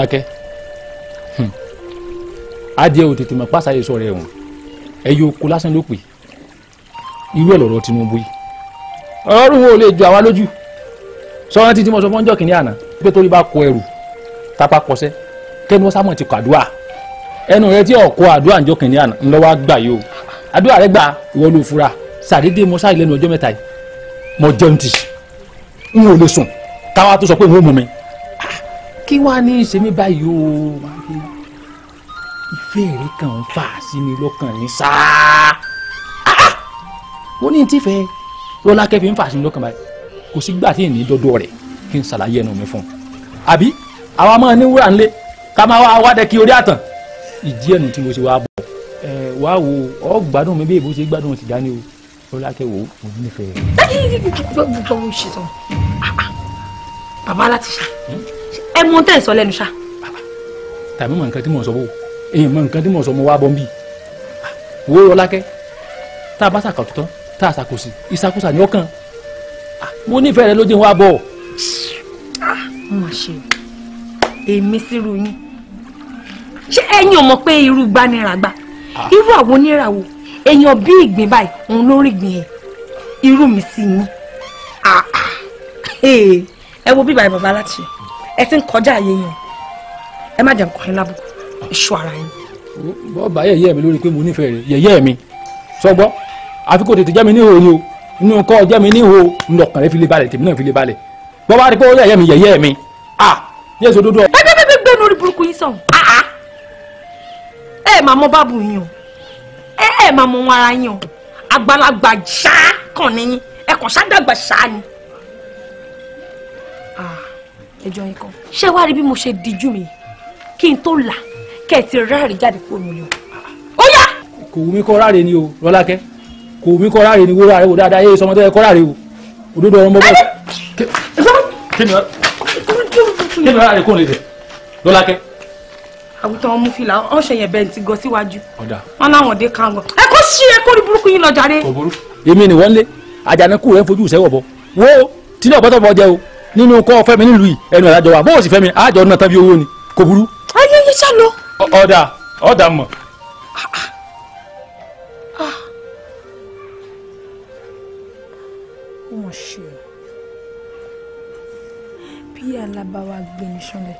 F: dákẹ́ hmm. adìẹ ò tètè mọ̀ pàṣẹ sọ̀rọ̀ ẹ̀wọ̀n ẹ̀yọ oko lásán ló pè irú ẹ̀ lọ̀rọ̀ Tinubu yìí ọ̀rọ̀ ọ̀rùn wo lè ju àwa lójú sọ́wọ́n títí mo sọ fún ọjọ́ kìnìún àná pé torí bá kọ ẹrù tápá kọsẹ́ kẹ́ni wọ́n sámọ̀ ti kọ àdúrà ẹnu rẹ tí ọ̀kọ́ àdúrà ń jọ kìnìún àná ńlọ wá gbà yìí o àdúrà rẹ gbà ìwọ ló fura sàdédé mo sáré lẹ́nu ọjọ́ mẹ́ta yìí mo jẹun tì n ò lè sùn káwa tó sọ pé n ò mú mi kí wàá ní í ṣe mí báyìí o ìfẹ́ rẹ kàn ń fà sí mi lọ́kàn ní sáà mo ní tífẹ́ lọ́lá kẹfì ń fà sí mi lọ́kàn báyìí kò sí gbà tí ènìyàn dọ́dọ̀ rẹ̀ kí n ṣàlàyé ẹnu mi fún un àbí àwa máa ní wúrà ńlẹ̀ ká máa wá wá dẹ́ kí orí àtàn ìdí ẹ̀nu tí mo ṣe wá bọ̀ ẹ wá wo ọ gbádùn mi bí èbó ṣe gbádùn ti dání o lọ́lá kẹwò mo nífẹ̀ẹ́. bàbá aláti ṣá
A: ẹ mọ tẹ́ ẹ sọ lẹ́nu ṣá.
F: tàbí mọ nǹkan tí mo sọ bò èyí mọ nǹkan tí mo sọ mo wá bọ́ ń bì wo Rọlákẹ́ tá a bá ṣàkàtútọ́ tá a ṣàkóso ìṣàkóso ni ọkàn mo nífẹ̀ẹ́ rẹ ló dé wá bọ̀. mo mà ṣe èmi sírú yín ṣé ẹ̀yin ò mọ̀ pé
A: irú gbaniragba irú àwọn oníràwọ̀ èèyàn bí ìgbín báyìí òun ló rí ìgbín ẹ̀ irú mi sí yín ẹ wo bíbá ẹ bàbá láti ṣe ẹ ti ń kọjá àyè yẹn ẹ má jẹ́ nǹkan yín lábùkù
F: iṣu ara yín. bọ́ọ̀bà yẹ̀yẹ́ mi lórí pé mo nífẹ̀ẹ́ rẹ̀ yẹ̀yẹ́ mi sọ́gbọ́ àfi kò tètè jẹ́ mi níhò ni o inú kọ́ jẹ́ mi níhò ńlọkàn rẹ̀ fi lè balẹ̀ tèmi náà fi lè balẹ̀ bọ́ọ̀bà rí pé ó yẹ̀yẹ́ mi yẹ̀yẹ́ mi à ní èso dúdú. ẹ bẹ́ẹ̀ bẹ́ẹ̀ gbẹ́nu orí burúkú yín sọ̀hún
A: ẹ máa mọ báàbù yín o ẹ ẹ máa mọ wọn ara yín o àgbàlagbà ṣáá kàn níyìn ẹ kàn ṣáá dàgbà ṣáá ni ẹjọ́ yín kan. ṣé wàá rí bí mo ṣe díjú mi kí n tó là kẹ́ ẹ ti ráàrí jáde
F: kúrò nílé o. ó yá. kò wù mí kọ́ ráre ni o rọ́lákẹ́ kò wù mí kọ́ ráre ni wúrà rẹ wò dáadáa yéé sọmọ tó kọ́ ráre o òdodo ọ̀rọ̀ mọ́ bọ́ọ̀. kí ni ọ̀rọ̀ kò lè dẹ̀ rọ́lákẹ́.
A: àwùjọ ọmú fìlà ọ̀ṣẹ̀ yẹn bẹ́ẹ̀ ti gọ síwájú wọn láwọn dé kángan ẹ kó sí ẹ kó rí burúkú yín lọ jàre.
F: èmi ni wọ́n lé àjànàkú rẹ̀ ń fojú ìṣẹ́wọ̀ bọ̀ wo tí ní ọ̀pọ̀ nínú kọ́ fẹ́mi nílùú yìí ẹnu àlájọ wa bó o sì fẹ́mi àjọ ọdún náà tán bí owó ni kò burú. ayé yìí sá lọ. ọ̀dà ọ̀dà mọ̀. wọ́n ṣe o bí
A: alábàáwá gbé ní sọ́lẹ̀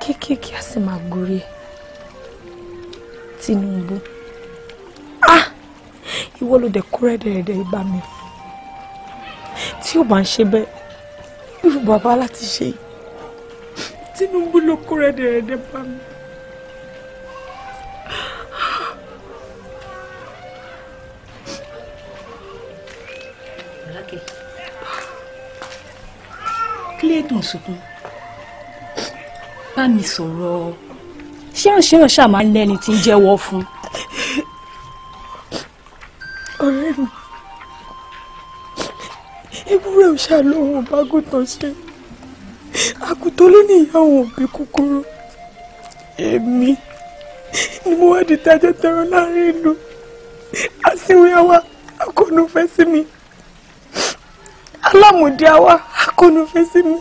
A: kéékèèké a sì máa gorí ẹ̀ Tinubu ah! ìwọ ló dẹ̀ kúrẹ́dẹ̀ẹ́dẹ́ ibà mi tí ó bá ń ṣe bẹ́ẹ̀ irú bàbá láti
D: ṣe Tinubu ló kó rẹ́dẹ̀rẹ́dẹ́ bá mi.
A: kílẹ̀dùn sunkún bá mi sọ̀rọ̀ ṣé àṣeyàn ṣàmà ń
D: lẹ́ni tí ń jẹ́wọ́ fún. ọ̀rẹ́ mi ewúrẹ́ ò ṣàlóhùn bágùntàn ṣe àgùntàn ló ní ìyá òun òbí kúkúrú èmi ni mo wá di tájọ tẹrọ láàrin ìlú àsìwé àwa akọnufẹ́ sí mi alámùdí àwa akọnufẹ́ sí mi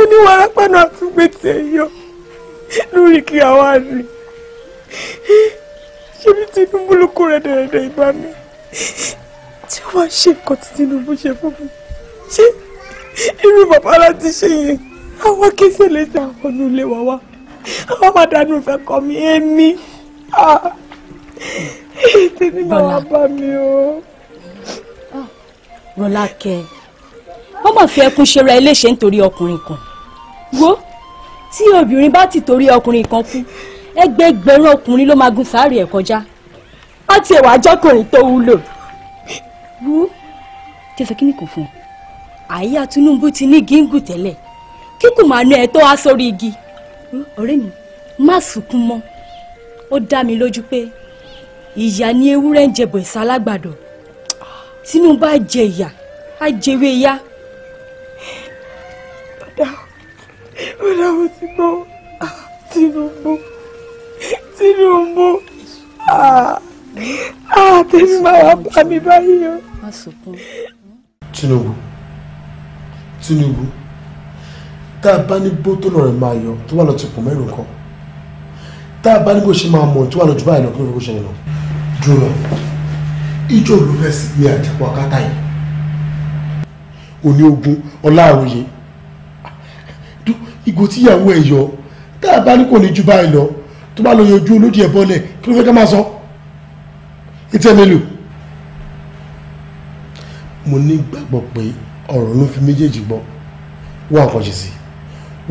D: oníwàrápànà àtúgbètì ẹ̀yọ lórí kí àwa rí ṣé bí Tinubu ló kó rẹ̀ dẹ̀rẹ̀dẹ̀ ìbá mi tí ó wàá ṣe nǹkan tí Tinubu ṣe fún mi ṣé irú bàbá láti ṣe yẹn àwọn kéṣẹ́ lẹ́sẹ̀ àwọn ọ̀nà ilé wa wá àwọn àdánù fẹ́ kọ́ mi èmi tèmi ah, máa wá bá mi o. Ah, Rọlákẹ́ wọ́n mọ̀ fi ẹkún ṣera eléṣe
A: nítorí ọkùnrin kan wo tí obìnrin bá ti torí ọkùnrin kan kú ẹgbẹẹgbẹ̀rún ọkùnrin ló máa gun sáré ẹ̀ kọjá wọ́n ti ẹ̀wà jọ́kùnrin tó wúlò wo tí ẹ fẹ́ kí ni kò fún ọ àyà Tinubu ti ní gíngùn tẹ́lẹ̀ kí kò máa ná ẹ tó wá sórí igi ọ̀rẹ́ mi má sunkún mọ́ ó dá mi lójú pé ìyá ni ewúrẹ́ ń jẹbọ ìsá alágbàdo Tinubu á jẹ ìyá á jẹwé yá.
D: ó dáhùn tí mo Tinubu Tinubu. Ah àtẹ̀mí ah, máa wá bá mi báyìí o.
B: Tinubu Tinubu tá bani bá ní bó tó lọ rẹ̀ máa yọ tó wà lọ ti pọ̀ mẹ́rin kan tá a bá ní bó ṣe máa mọ̀ tó wà lọ jù báyìí lọ kí ló fi bó ṣe yẹn lọ. dúró ìjọ ló fẹ́ sí ilé àjẹpọ̀ akátá yìí òní ogun ọláàròyé ìgò tíyàwó ẹ̀ tá a bá ní kò ní jù báyìí lọ tó bá lọ yọjú olódì ẹ̀ bọ́lẹ̀ kí ló fẹ́ ìtẹ́mẹ́lù mo ní gbàgbọ́ pé ọ̀rọ̀ ló fi méjèèjì gbọ́ wá nǹkan ṣe sí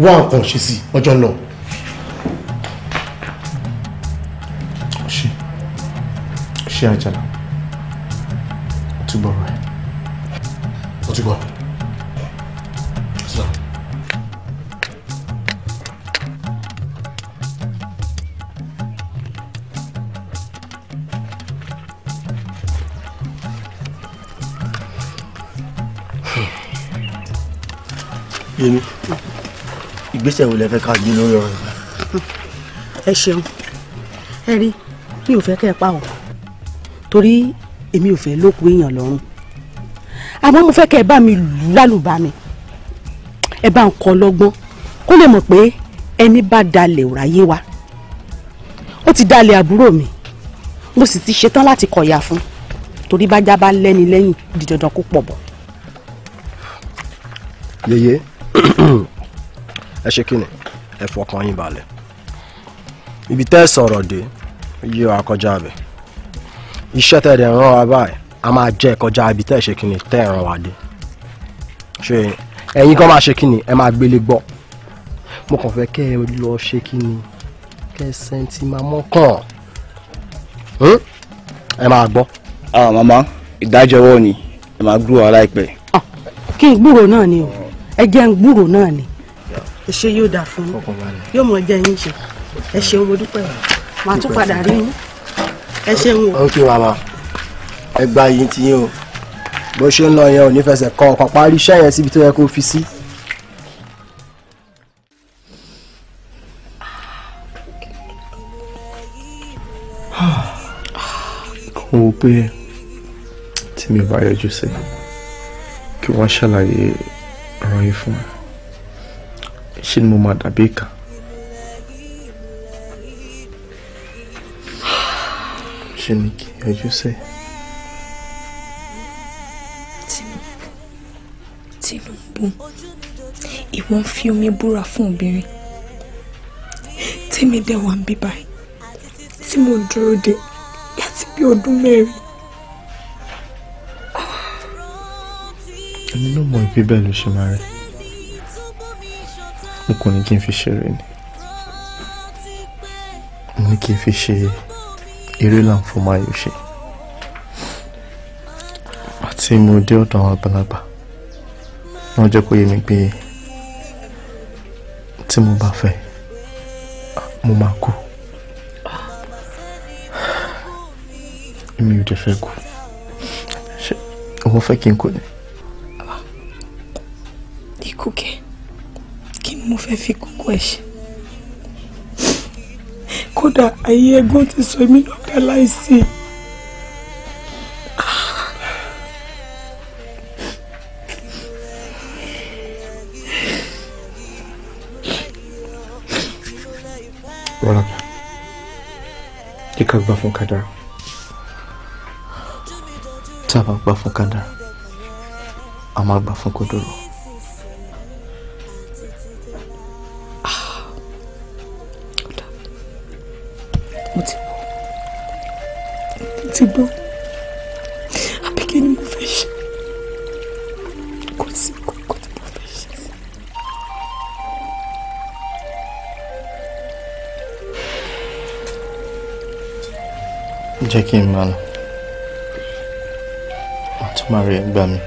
B: wá nǹkan ṣe sí ọjọ́ ń lọ.
E: ṣe ṣe àjàlá ó ti gbọ́ rẹ̀ ó ti gbọ́.
B: yẹmi ìgbésẹ̀ wo lẹ fẹ́ ká gbé lórí ọ̀rọ̀ yìí.
A: ẹ ṣeun ẹ rí mi ò fẹ́ kẹ́ ẹ pa ọ́ torí èmi ò fẹ́ lókù èèyàn lọ́rùn àmọ́ mo fẹ́ kẹ́ ẹ bá mi lálùbami ẹ bá ń kọ́ lọ́gbọ́n kó lè mọ̀ pé ẹni bá dalẹ̀ òráyé wa ó ti dalẹ̀ àbúrò mi mo sì ti ṣetán láti kọ̀yà fún torí bájá bá lẹ́ni lẹ́yìn di dandan kó pọ̀ bọ̀.
B: yeye. Yeah, yeah.
C: <coughs> ẹ ṣe kí ni ẹ fọkàn yín balẹ̀ ibi tẹ́ ẹ sọ̀rọ̀ dé yí ọ akọjá bẹ̀ iṣẹ́ tẹ́ ẹ dẹ̀ ràn wá báyìí a máa jẹ́ kọjá ibi tẹ́ ẹ ṣe kí ni tẹ́ ẹ ràn wá dé ṣe ẹ̀yin kan máa ṣe kí ni ẹ máa gbélé gbọ́ mo kàn fẹ́ kẹ́ ẹ lọ ṣe kí ni kẹ́ ẹ sẹ́ńtì máa mọ́ kàn
I: hmm? ẹ máa gbọ́. Ah, màmá ìdájọ́ wọ̀ ni ẹ máa gbúròó aláìpẹ́. Ah,
A: kí n gbúròó náà ni o ẹ jẹ́ ń gbúrò náà ni ìṣe yóò dà fún yín yóò mọ̀ jẹ́ yín ṣe ẹ ṣeun mo dúpẹ́ màá tún padà rí yín
B: ẹ ṣeun o. ok mama ẹ gba yín
C: tí yín o bó ṣe ń lọ yẹn ò ní fẹsẹ̀ kọ ọ̀kan parí iṣẹ́ yẹn síbi tó yẹ kó fi sí.
E: kò wọ́n tí mi ò bá yọjú sí kí wọ́n ṣàlàyé ọ̀rọ̀ yìí fún ẹ ṣé ni mo máa dàbí ìkà. ṣe ni kí n yọjú sí ẹ.
J: Tinubu Tinubu
A: ìwọ ń fi omi búra fún obìnrin tèmi dẹ̀ wà ń de
D: láti bí ọdún
E: èmi náà mọ̀ pé bẹ́ẹ̀ ló ṣe máa rẹ̀ mo kàn ní kí n fi ṣeré ni mo ní kí n fi ṣe eré láǹfọ̀mọ́ ayò ṣe àti mo dé ọ̀dọ̀ àwọn àgbàlagbà wọ́n jẹ́ kó yé mi pé tí mo bá fẹ́ mo máa kú èmi ò dẹ̀ fẹ́ kú ṣé wọ́n fẹ́ kí n kú ni.
D: fẹ́ fi kókó ẹ̀ ṣe kódà ayé ẹ̀gbọ́n ti sọ èmi náà dá láìsí.
B: rọra
E: jẹ́ ká gbà fún kádàrá tá a bá gbà fún kádàrá a máa gbà fún kòdòrò. kí n máa lọ màá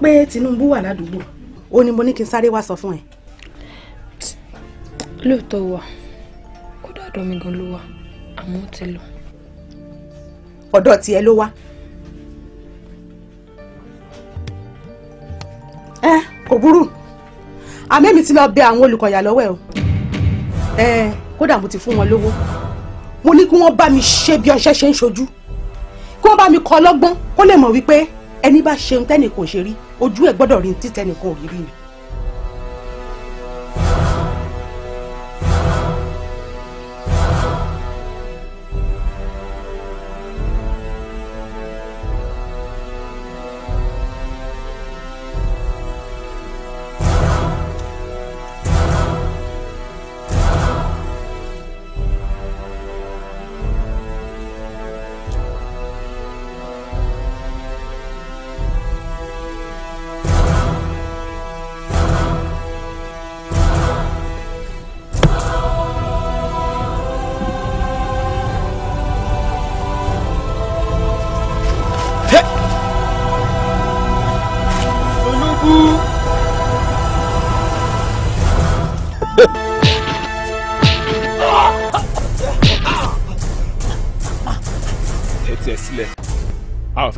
A: pé Tinubu wà ládùúgbò ó ní mo ní kí n sáré wá sọ fún ẹ. lóòótọ́ wà kódà ọ̀dọ̀ mi gan ló wà àmọ́ ti lọ. ọ̀dọ̀ tiẹ̀ ló wá. ẹ kò burú àmẹ́mi ti lọ bẹ àwọn olùkọ̀yà lọ́wọ́ ẹ o ẹ kódà mo ti fún wọn lówó mo ní kí wọ́n bá mi ṣe bí ọṣẹ ṣe ń ṣojú kí wọ́n bá mi kọ́ ọlọ́gbọ́n kó lè mọ̀ wípé ẹni bá ṣeun tẹ́nìkan ò ṣe rí ojú ẹ̀ gbọ́dọ̀ rí títẹ́nìkan ò ni.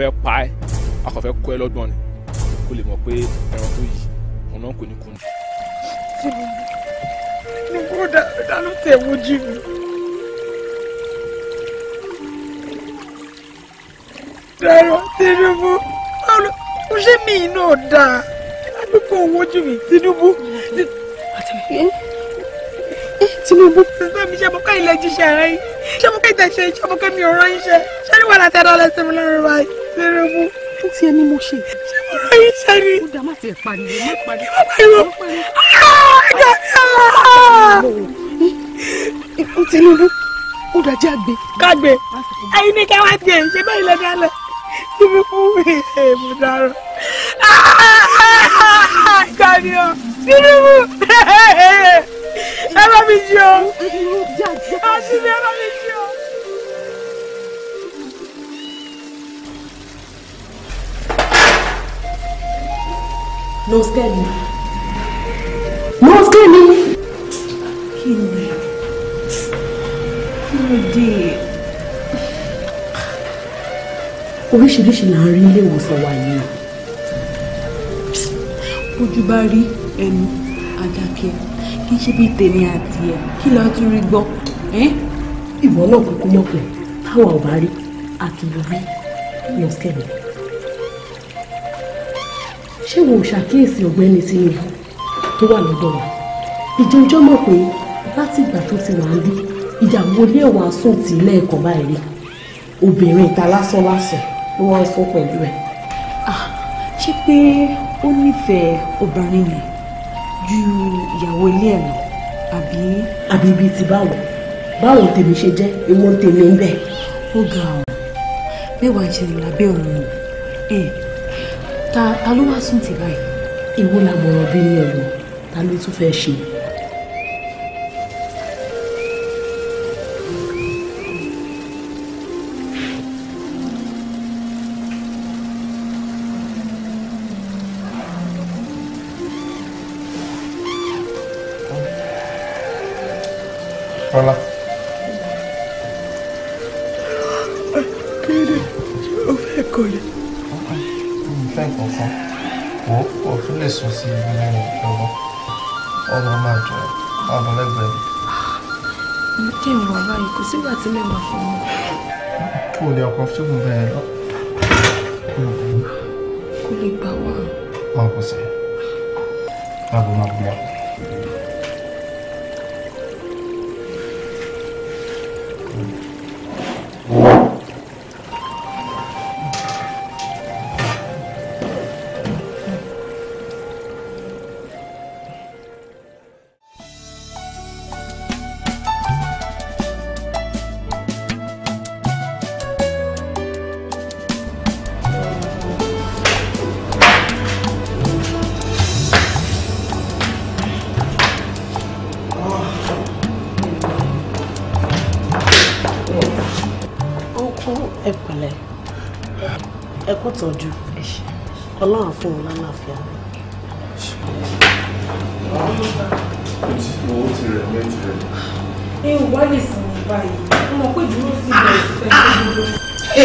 I: fẹ́ pa ẹ́ a kò fẹ́ kọ́ ẹ lọ́gbọ́n
F: ni kó lè mọ̀ pé ẹran tó yìí òun náà kò ní kunu.
D: ní kúrò dáná tẹ̀ wojú mi. dáná Tinubu ó ṣe mí náà dáa àdúgbò wojú mi Tinubu. Tinubu. sísè mi ṣe mọ ká ilé jíṣẹ́ rẹ̀ yìí ṣé ká ìtẹ̀ṣe ṣé mo ká mi ò rán iṣẹ́ ṣé wàhálà tí a dá lẹ́sẹ̀ mi lọ́rùn báyìí. Fẹ́rẹ̀mú. Tó ti ẹni mo ṣe. Ṣé mo máa yí sẹ́ni? Ó dá má ti ẹ̀ pariwo, má pariwo. Má pariwo. Ah, ah. Ikú Tinubu, ó dájẹ́ àgbẹ̀. Kágbẹ̀, ẹyin ní káwá tiẹ̀, ṣé báyìí lẹ́nu alẹ́? Ibi kú èèmù dára. Kàníyàn, Tinubu, eh, eh, ah, eh, ẹ bá mi jí o. Àti ẹ bá mi jí.
A: No scare me. No scare me. Kí ni? Kí ló dé? Oríṣiríṣi là ń rí ilé ìwòsàn wa yìí. Ojú bá rí ẹnu àdàkẹ́ kí ṣe bí tèmi àti ẹ̀ kí la tún rí gbọ́. Ìwọ náà kúkú mọ̀ pé táwa ò bá rí àkìlú rí. No scare me ṣé wo ṣàkíyèsí ọ̀gbẹ́ni Tinubu tó wà lọ́dọ̀ wa ìjẹ́ ọjọ́ mọ̀ pé láti ìgbà tó ti wà ń bí ìyàwó ilé ẹ̀wà sùn tí ilé ẹ̀kọ́ báyìí rí obìnrin ìta lásán lásán ló wá ń sọ pẹ̀lú ẹ̀. ṣé pé ó nífẹ̀ẹ́ obìnrin yẹn ju ìyàwó ilé ẹ̀ lọ àbí. àbí ibi ti báwo báwo tèmi ṣe jẹ́ èwo tèmi ń bẹ̀. ó ga ọ̀ mẹ́wàá jẹun lábẹ́ òun ẹ̀ ta ló wá sùn tì báyìí ìwo làmọ̀ràn bí ní ẹ̀rọ ta ló tún fẹ́ ṣe.
E: o lè ọkọ tó kún bẹ́ẹ̀ lọ.
H: kó lè gbà wá.
B: máa kó sẹ́yìn. máa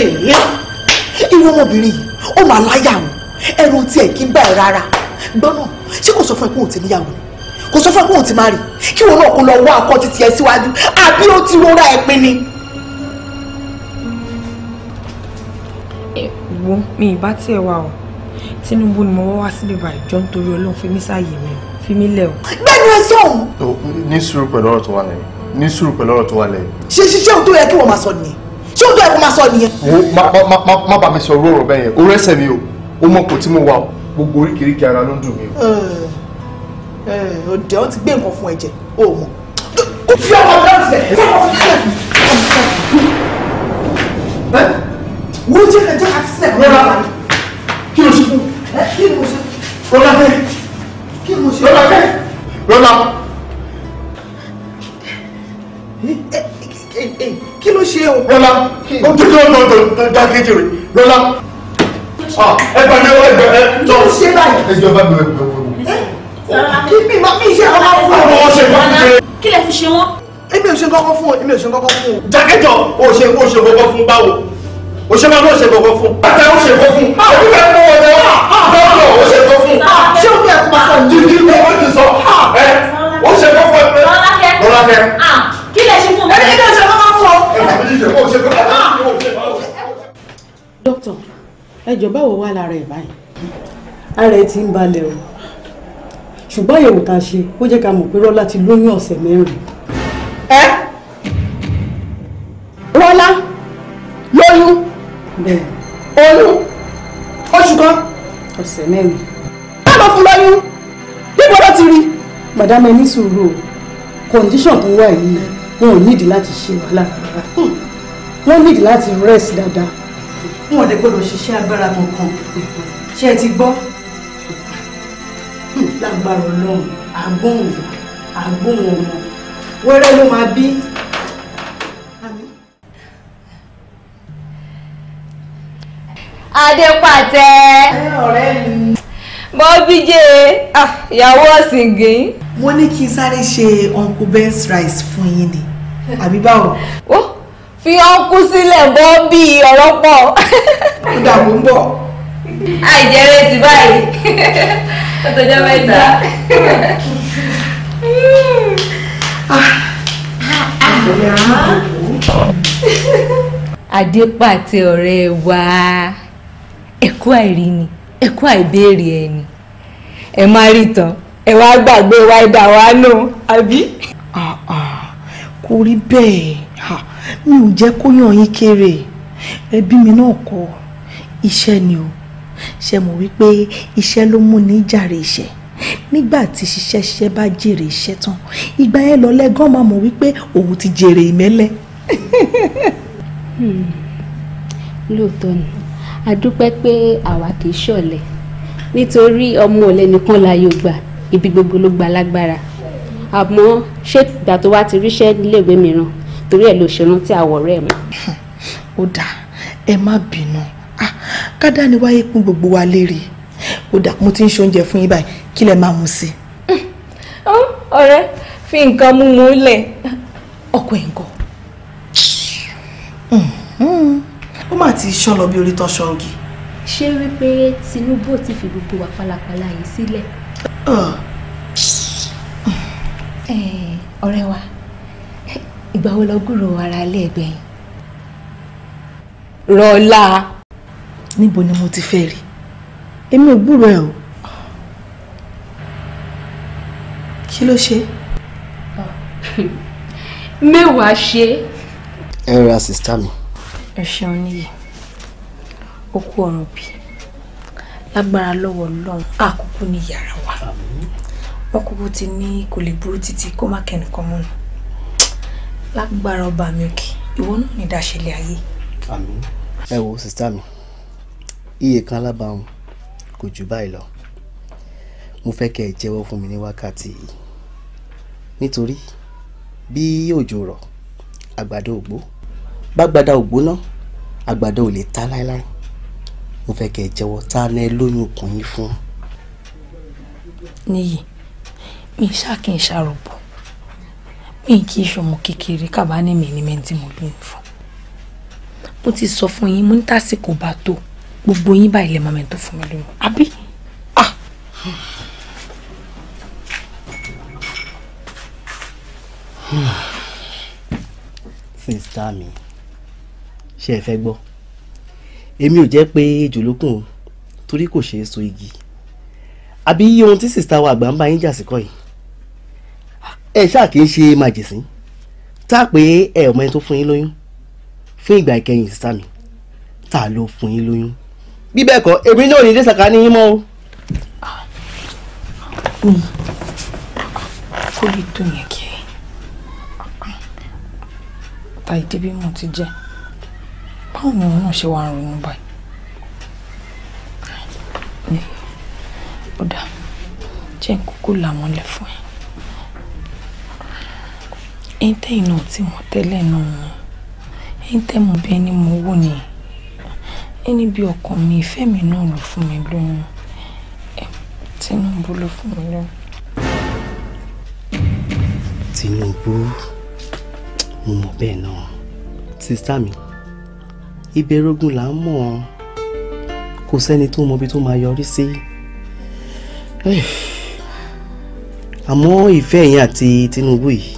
A: irú ọmọbìnrin yìí ó máa láyà o ẹrù tiẹ̀ kí n bá ẹ̀ rárá gbọ́nà ṣé kò sọ fún ẹ pé òun ti níyàwó ni kò sọ fún ẹ pé òun ti máa rì kí òun náà kó lọ wá akọ títí ẹ síwájú àbí ó ti rora ẹ pin ni. wo mi ìbá tiẹ̀ wá o Tinubu ni mo wá wá síbi báyìí jọ nítorí Ọlọ́run fi mí sáàyè mi o fi mí lẹ̀ o. gbẹ́nu ẹ sọ̀hún.
E: ní sùúrù pẹ̀lú ọ̀rọ̀ tó wà lẹ́yìn ní sùúrù pẹ̀lú ọ̀rọ̀ tó wà lẹ́yìn.
A: ṣe ṣiṣẹ́ òun tó yẹ kí wọ́n máa sọ nìyẹn fẹ́ kó máa sọ nìyẹn.
E: wo má bàa mi sọ orú ọ̀rọ̀ bẹ́ẹ̀ yẹn orú mi o ó mọ̀ kò tí mo wà o gbogbo oríkèéríkè ara ló ń dùn mí o.
A: òde wọn ti gbé nǹkan fún
D: ẹ̀jẹ̀ o mọ. kò fi ọmọ náà sílẹ̀ kí ọmọ fi sílẹ̀.
A: wo jẹ́ ká jẹ́ ká ti sílẹ̀ lọ́la
B: kí ló ṣe fún kí ló ṣe lọ́la fẹ́ kí ló ṣe lọ́la fẹ́ lọ́la. kí ló ṣe o. lọ́la ojú tó tó tó dá kékeré lọ́la ẹ bá mi
A: ẹ tó ṣe báyìí ẹ
B: jọba mi
D: ẹ bẹ kí mi máa mi ṣe ọlá fún mi. àwọn
B: ọṣẹ fún mi.
A: kí lè fi ṣe wọn. èmi ò ṣe kọ́kọ́ fún ọ èmi ò ṣe kọ́kọ́ fún ọ. jákèjọ o ṣe o
E: ṣe kọ́kọ́ fún báwo o ṣe máa ń ṣe kọ́kọ́ fún. bàtà o ṣe kọ́kọ́ fún. o ní bẹ́ẹ̀ mú wọn lọ
D: bọ́ọ̀lù o ṣe kọ́kọ́ fún.
A: Ah, ah, ah, ṣé o dókítà ẹjọ báwo wà lára ẹ báyìí. ara ẹ ti ń balẹ̀ o ṣùgbọ́n àyẹ̀wò tá a ṣe ó jẹ́ ká mọ̀ pé rọ́lá ti lóyún ọ̀sẹ̀ mẹ́rin. ẹ rọ́lá lóyún oyún oṣù kan ọ̀sẹ̀ mẹ́rin. bá a lọ fún lóyún níbo ló ti rí. madam ní sùúrù o kọ̀ǹdíṣàn tó wà yìí wọn ò nídìí láti ṣe wàhálà rárá hmm. wọn nídìí láti rest dáadáa. wọn ò lè gbọdọ̀ ṣiṣẹ́ agbára kankan ṣé ẹ ti gbọ́ hmm, lágbára Ọlọ́run àgbóhùn àgbóhùn ọmọ wẹ́rẹ́ ló máa bí. adépàtẹ. ọ̀rẹ́ mi. bọ́bíjé ah, ìyàwó ọ̀sìngín. mo ní kí n sáré ṣe uncle ben's rice fún yín ni àbí báwo. ó fi ọkú sílẹ̀ bọ́ bí ọ̀rọ̀ pọ̀. ó dà mò ń bọ̀.
H: àìjẹ́ rẹsì báyìí ó tọjọ́ mẹ́ta.
A: adépàtẹ ọ̀rẹ́ wa ẹ̀kú ni, ẹ̀kú àìbéèrè ẹni ẹ má rí tán ẹ wá gbàgbé wa ẹ̀dá wa nù àbí kò rí bẹ́ẹ̀ mi ò jẹ́ kó yàn yín kéré ẹbí mi náà kọ́ iṣẹ́ ni o ṣe mọ̀ wípé iṣẹ́ ló mú ní jàre iṣẹ́ nígbà tí ṣiṣẹ́ ṣiṣẹ́ bá jèrè iṣẹ́ tán ìgbà yẹn lọ lẹ́gán máa mọ̀ wípé òun ti jèrè ìmẹ́lẹ́. Hmm, lóòótọ́ ni a dúpẹ́ pé àwa kì í ṣọ̀lẹ nítorí ọmọ ọ̀lẹ nìkan la yóò gbà ibi gbogbo ló gba lágbára àmọ́ ṣé ìgbà tó wá ti ríṣẹ́ níléèwé mìíràn torí ẹ̀ ló ṣe a àwọ̀ ọ̀rẹ́ mi. ó dáa ẹ má bínú ah, kádà ni wáyé pín gbogbo wa léèrè ó dáa mo ti ń ṣe oúnjẹ fún yín báyìí kí lẹ máa mú sí. ọ̀rẹ́ fi nǹkan mú mú lẹ̀ ọkọ ẹ̀ ń kọ́. Mm-hmm. ó mà ti ṣán lọ bí orí tán ṣan ṣé wípé Tinubu ò ti fi gbogbo wa pálapàla yìí sílẹ̀. Eh, ọ̀rẹ́ wa ìgbà wo lọ gúrò ara ilé ẹgbẹ́ yìí. rọ́lá níbo ni mo ti fẹ́ rí èmi ò gbúrò ẹ̀ o kí ló ṣe. <laughs> mẹ́wàá ṣe.
C: ẹ ra sista mi.
A: ẹ ṣeun níyì ó kú ọ̀ràn bí lágbára lọ́wọ́ ọlọ́run àkókò ní yàrá wa wọ́n kúkú ti ní kò lè burú títí kó má kẹ́nìkan mọ́ nù lágbára ọba mi òkè ìwọ náà ní ìdáṣẹlẹ̀ ayé.
C: àmín ẹ wo sista mi iye kan alábàáhùn kò jù báyìí lọ mo fẹ́ kẹ́ ẹ jẹ́wọ́ fún mi ní wákàtí yìí nítorí bí òjò rọ̀ àgbàdo ògbó bágbàdá ògbó náà àgbàdo ò lè ta láéláé mo fẹ́ kẹ́ ẹ jẹ́wọ́ ta ni ẹ lóyún ọkùnrin fún.
A: níyì mi ṣá kì í ṣàròbọ mi kì í ṣọmọ kékeré kábà ní mi ní mẹ́ntì mo lóyún fún mo ti sọ fún yín mo ní tásìkò bá tó gbogbo yín báyìí lè mọ́mẹ́ tó fún mi lóyún àbí.
C: ah. sista mi ṣe é fẹ́ gbọ́ èmi ò jẹ́ pé jòlókùn torí kò ṣeé so igi àbí ohun tí sista wa àgbà ń bá yín jà sí yìí ẹ ṣáà kì í ṣe màjèsín tá a pé ẹ ọmọ ẹni tó fún yín lóyún fún ìgbà ìkẹyìn sísá mi tá a ló fún yín lóyún bí bẹ́ẹ̀ kọ́ èmi náà ní ilé sàkání yín mọ́ o.
A: mi kó lè tó yẹn kí ta ìdí bí mo ti jẹ báwo ni òun náà ṣe wàá ronú báyìí ó dà jẹ́ kúkú làmọ́lẹ̀ fún ẹ ẹ̀yin tẹ́yìn náà tí wọ́n tẹ́lẹ̀ náà ni ẹ̀yin tẹ́ mo bí ẹni mo wò ni ẹni bí ọkàn mi ìfẹ́ mi náà ló fún mi lóyún
D: Tinubu ló fún mi lóyún.
C: Tinubu mo mọ̀ bẹ́ẹ̀ náà sísá mi ìbẹ̀rọ̀gùn là ń mọ̀ ọ́n kò sẹ́ni tó mọ ibi tó máa yọrí sí àmọ́ ìfẹ́ yín àti Tinubu yìí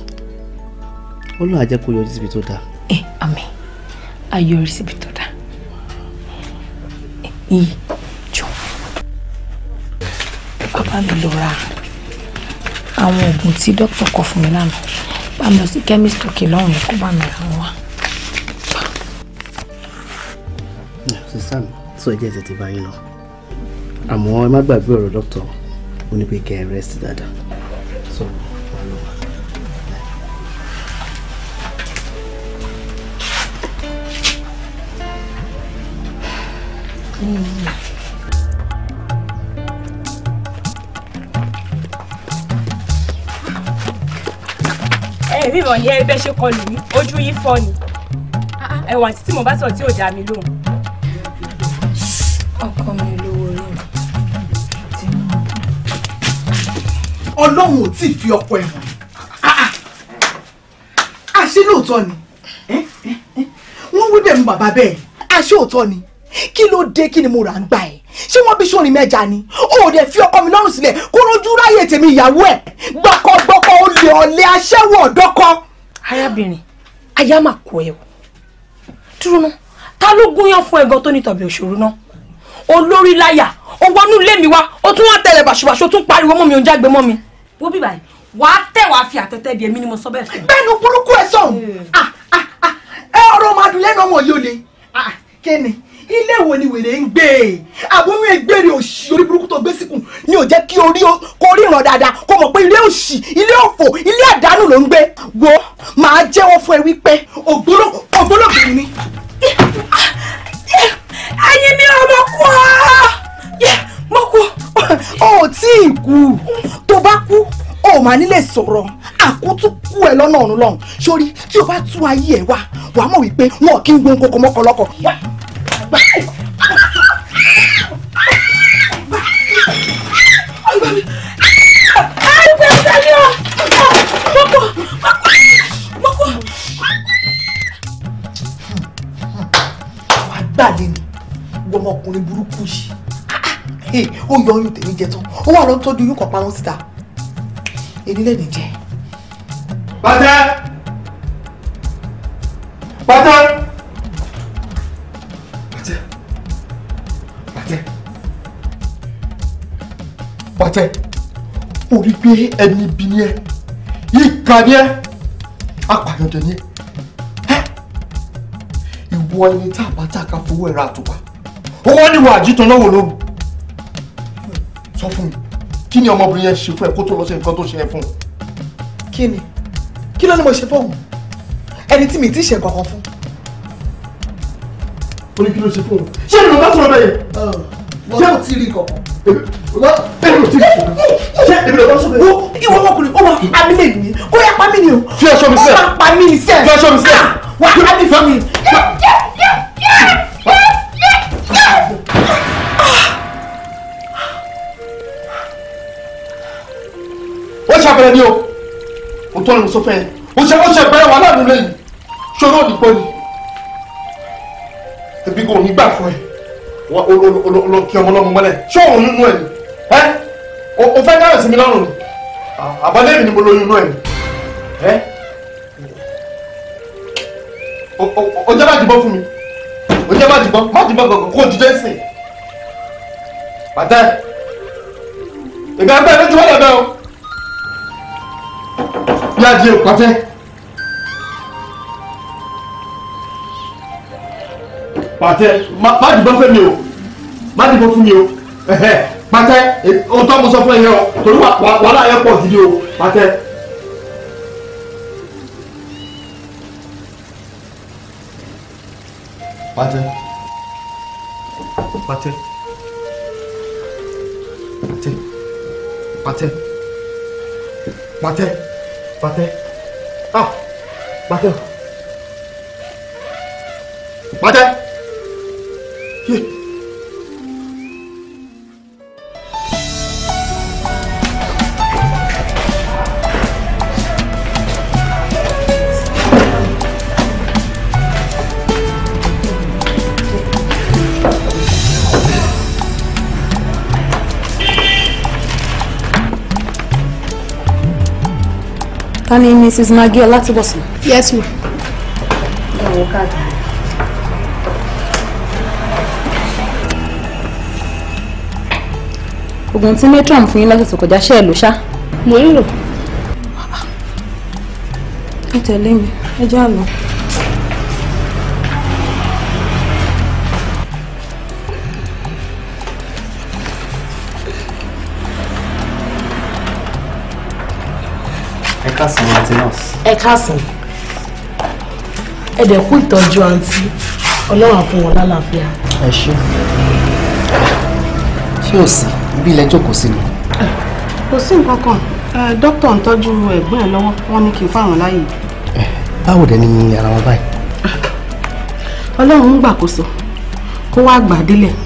C: ọlọ́run á jẹ́ kó yọjú síbi tó dáa.
A: ẹ àmín ayọrí síbi tó dáa yìí jọ bàbá mi lọ ra àwọn oògùn tí dókítà kọ fún mi lánàá bá mi lọ sí kẹ́mísítì òkè lọ́hùn yẹn kó bá mi ràn wá.
C: sísan tó ẹ jẹ́ tètè báyìí lọ àmọ́ ẹ má gbàgbé ọ̀rọ̀ dókítà ó ní pé kẹ́ ẹ rẹ́sì dáadáa.
D: ẹ rí
A: ìrànyẹ ẹgbẹ́ ṣe kọlù mí ojú yín fọ́ ni ah, ah. ẹwà àti tí mo bá sọ tí ò dá mi lóhùn. ọkọ mi lówó orí mi.
D: ọlọ́run ò tí ì fi ọkọ ẹ̀ hàn ah, àṣé lóòótọ́ ni eh, eh, eh. wọ́n wí bẹ́ẹ̀
A: mú bàbá bẹ́ẹ̀ àṣé òótọ́ ni kí ló dé kí ni mo rà ń gbà ẹ ṣé wọn bí sórin mẹja ni ó dẹ fi ọkọ mi lọ́rùn sílẹ̀ kó rojú ráyè tèmi ìyàwó ẹ gbàkọ gbọkọ olè ọlẹ aṣẹ́wó ọdọkọ. arábìnrin aya máa kọ ẹ o dúró ná ta ló gúnyán fún ẹ̀gbọ́n tó ní tàbí òṣòro náà olórí láyà ó wọnú ilé mi wá ó tún wá tẹlẹ bàṣubàṣu ó tún pariwo mọ́ mi ò ń jágbe mọ́ mi. wo bíbá yìí wàá tẹ wàá fi àtẹtẹ di èmi ni mo sọ bẹ́ẹ̀ fún. bẹ́ẹ̀ni burúkú ẹ sọhùn eh. ah, ah, ah, ẹ ọ̀rọ̀ màdùn lẹ́nu ọmọ yìí ò le kí ni ilé wo ni wèrè ń gbé e àbúrò ìgbèrè òṣì orí tó gbé síkùn ni ò jẹ́ kí orí kó ríran dáadáa kó mọ̀ pé ilé òṣì ilé òfò ilé àdánù ló ń gbé wo màá jẹ́wọ́ fún ẹ wípé ògbólógbòrò ni. ẹyin mi ò mọ̀ kú ọ́ mọ̀ kú. o ò tí ì kú tó bá kú o máa nílé sọ̀rọ̀ àkútú kú ẹ lọ́nà ọ̀run lọ́hùn sórí tí o bá tú ayé ẹ wá wàá mọ̀ wípé wọn kì í gbóhùn kókó
B: mọ́kànlọ́kọ̀
A: ọmọkùnrin burúkú yìí ó yọ ọyún tèmi jẹ tán ó wà lọ tọ́jú yún kan pamọ́ síta èmi lẹ́nu jẹ.
D: bàtẹ́.
B: pé ẹni ibi ni ẹ ìkà ni ẹ apàyọ̀dẹ̀ ni ẹ ìwọ ẹni tá a bá tà ká fowó ẹ̀rọ àtùpà ó wọ́n ní ìwà àjítọ̀ náà wò lóru sọ fún mi kí ni ọmọbìnrin yẹn ṣe fún ẹ kó tó lọ ṣe nǹkan tó ṣe ẹ fún un. kí ni kí ló ní mo ṣe fóun ẹni tí mi ti ṣe kankan fún. ó ní kí ló ṣe fóun ṣé ìrìnà bá sọ̀rọ̀ bẹ́ẹ̀ ṣé o ti rí kankan ọlọ bẹ́ẹ̀ ló ti sùn ṣé èmi lọ bá sọ bẹ́ẹ̀. wo ìwọ ọmọkùnrin ọmọ àmì lè ní kó
C: yá pa mí ni o. fi aṣọ mi sẹ ó máa pa mí ni sẹ fi aṣọ mi sẹ wà á mi fún mi.
D: ó ṣàbẹ̀rẹ̀ ni o
B: mo tọ́ ni mo sọ fẹ́ o ṣe o ṣe bẹ̀rẹ̀ wà láàánú lẹ́yìn ṣòro òdìpọ ni ẹbí kò ní gbà fún ẹ wọn olókè ọmọ ọlọmọ mọlẹ ṣé òun nínú ẹ ni ẹ o fẹ́ dáhùn sí mi lọ́rùn ni àbálẹ́ mi ni mo lóyún inú ẹ̀ o jẹ́ má dìbọn fún mi
E: o jẹ́ má dìbọn má dìbọn gbọ̀ngàn kó o jíjẹ́ sìn bàtà
B: ìgbà bẹ́ẹ̀ lójú wọn lọ́dọ̀ o bí a di òkú afẹ́. pàtẹ má dìbọn fún mi o má dìbọn fún mi o pàtẹ ohun tó mo sọ fún ẹ yẹn o torí wàhálà yẹn pọ̀ gidi o pàtẹ.
E: pàtẹ pàtẹ
B: pàtẹ pàtẹ pàtẹ
E: pàtẹ ah pàtẹ
B: pàtẹ. Yeah.
H: ta
A: ni mrs maggie ọlátìbọ̀sùn. yes ma. ọwọ káàdì. oògùn tí matron fún yín lọ́sẹ̀ tó kọjá mo ń lò. ẹ tẹ̀lé mi ẹ jẹ́ àlọ́.
C: káàsán àǹtí nọ́ọ̀sì.
A: ẹ káàsán ẹ dẹ̀ kú ìtọ́jú àǹtí ọlọ́run fún wọn lálàáfíà.
C: ẹ ṣé ṣé ò sí ibi ilẹ̀ jókòó sí ni.
A: kò sí nǹkan kan dókítà ń tọ́jú ẹ̀gbọ́n ẹ̀ lọ́wọ́ wọn ní kí n fáwọn láàyè.
C: báwo dẹ̀ ni ara wọn báyìí.
A: ọlọ́run ń gbàkóso kó wá gbà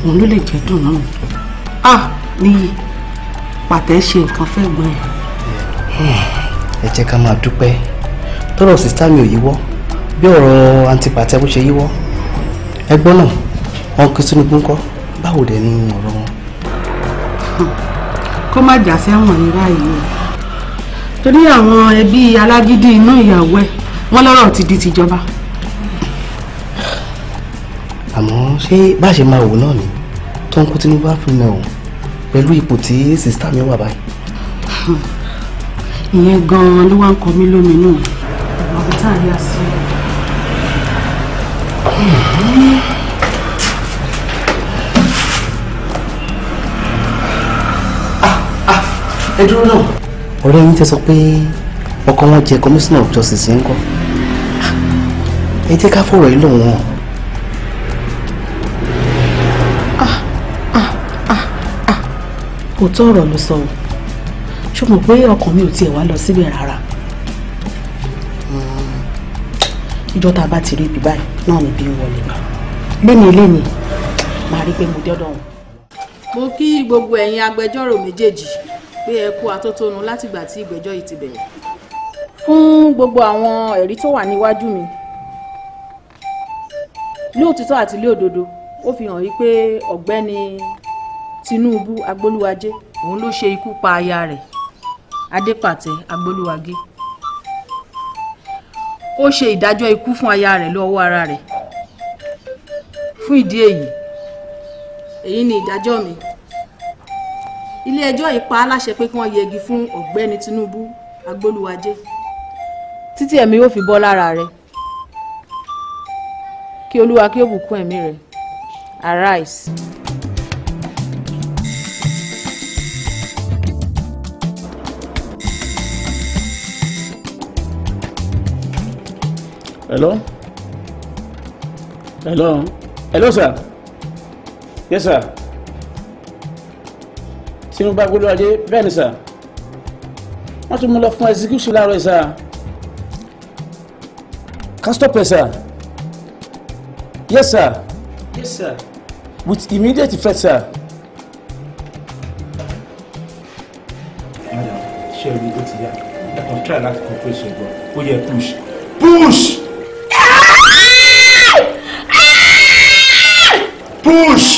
A: òun ló lè jẹ́ dùn náà. ah níyì pàtẹ́ ṣe nǹkan fẹ́ gbọ́n ẹ̀
C: ẹ jẹ́ ká máa dúpẹ́ tọ́rọ̀ sísá mi ò yíwọ́ bí ọ̀rọ̀ antipatẹ bó ṣe yíwọ́ ẹgbọ́n náà wọn kí Tinubu ń kọ́ báwo dẹ̀ ni ọ̀rọ̀ wọn.
A: kó má jà sẹ́wọ̀n ní báyìí o torí àwọn ẹbí alágídí inú ìyàwó ẹ̀ wọ́n lọ́rọ̀ ti di tìjọba.
C: àmọ́ ṣé bá a ṣe máa wò náà ni tó ń kó Tinubu á fi mẹ́ òun pẹ̀lú ipò tí sísá mi wà báyìí ìyẹn gan-an ló wá ń kọ mí
A: lóminú ọ̀gbìn tá à ń yá sí i.
B: ẹ dúró náà.
C: ọ̀rẹ́ yín tẹ́ sọ pé ọkọ wọn jẹ commissioner of justice ń kọ́ ẹ jẹ́ ká fọ̀rọ̀ yìí lòun hàn.
A: ọ̀rọ̀ ló sọ ṣùgbọ́n pé ọkàn mi ò tiẹ̀ wá lọ síbẹ̀ rárá ìjọ tá a bá ti rí ibi báyìí náà ni bí n wọlé lẹ́ni lẹ́ni màá rí pé mo dọ́dọ̀ wọn. mo kí gbogbo ẹ̀yin agbẹjọ́rò méjèèjì pé ẹ kú atótónu látìgbà tí ìgbẹ́jọ́ yìí ti bẹ̀rẹ̀ fún gbogbo àwọn ẹ̀rí tó wà níwájú mi lóòtítọ́ àti lóòdodo ó fi hàn wípé ọ̀gbẹ́ni Tinubu Agbólúwájé òun ló ṣe ikú pa aya rẹ̀ adépàtẹ agbólúwagé ó ṣe ìdájọ́ ikú fún aya rẹ̀ lọ́wọ́ ara rẹ̀ fún ìdí èyí èyí ni ìdájọ́ mi ilé-ẹjọ́ yìí pé kí wọ́n yẹgi fún ọ̀gbẹ́ni Tinubu agbólúwajé títí ẹ̀mí yóò fi bọ́ lára rẹ̀ kí olúwa kí ó bùkún ẹ̀mí rẹ̀ arise.
E: hello hello
F: hello sir yes sir tinubu agbolo ajé bẹ́ẹ̀ ni sir wọ́n tún mú lọ fún execution láàárọ̀ sir castopper sir yes sir yes sir with immediate effect sir.
I: madam ṣe o ní o ti yá ẹ kàn try láti conclude ṣe ó yẹ push
H: push. push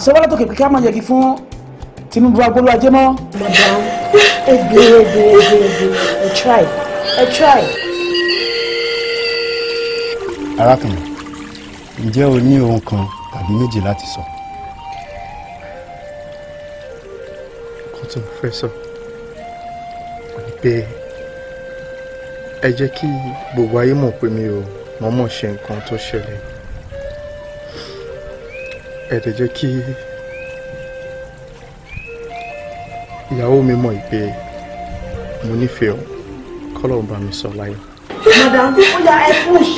A: àṣewọ́lá tó kékeré máa yẹgi fún Tinubu agbolo mọ́. madam ẹ gbèrè gbèrè gbèrè ẹ try ẹ try.
B: arákùnrin ǹjẹ́ o ní ohun kan tàbí méjì láti sọ. kó tó
E: fẹ́ sọ kò ní pé ẹ jẹ́ kí gbogbo ayé mọ̀ pé mi ò mọ̀ọ́mọ̀ ṣe nǹkan tó ṣẹlẹ̀ ẹ̀dẹ̀ jẹ́ kí ìyàwó mi mọ̀ ìpè mo nífẹ̀ẹ́ ọ kọ́lọ̀ bá mi sọ láyé.
D: madam ó yá ẹ push.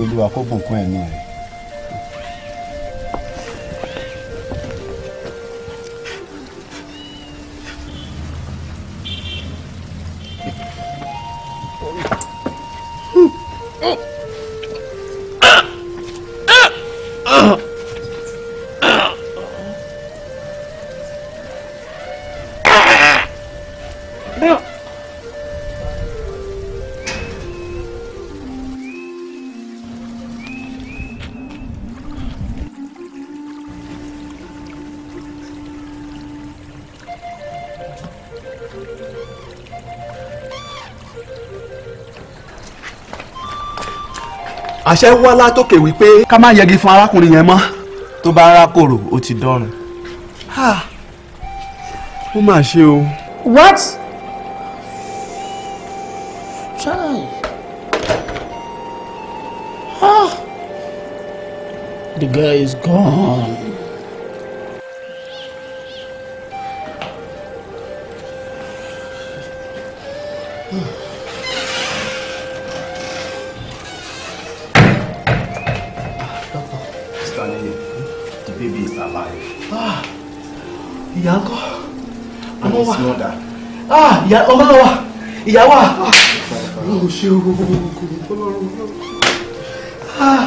B: olùwàkọ́gbọ̀n kún ẹ̀mí rẹ̀.
I: àṣẹ wá látòkè wípé ká má yẹgi fún arákùnrin yẹn mọ́. tó bá rákòrò ó ti dọ́run. ó mà ṣe o.
A: what? Try.
D: Ah. the guy is gone.
H: baby is alive.
D: Ah, ń kọ́ ọmọ wa mother.
E: Ah, náà oh ìyá wà. o ṣe Oh,
D: kò Ah.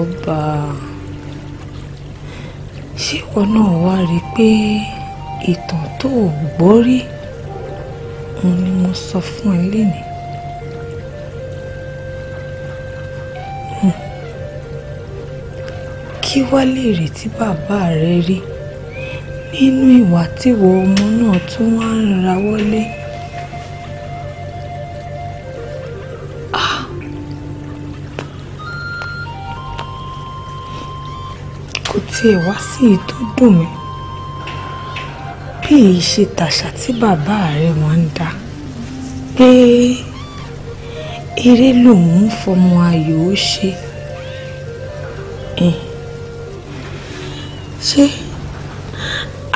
A: ọba ṣé ìwọ náà wá rí i pé ìtàn tó o gbọ́ rí òun ni mo sọ fún ẹ lénìí. Hmm. kí wá lè retí bàbá rẹ rí nínú ìwà tíwọ ọmọ náà tún wá ń rawọ́lé. tiẹ̀ wá sí i tó dùn mí bí èyí ṣe tàṣà tí bàbá rẹ̀ wọ́n ń dá pé eré lòun ń fọmọ ayò ó ṣe ṣé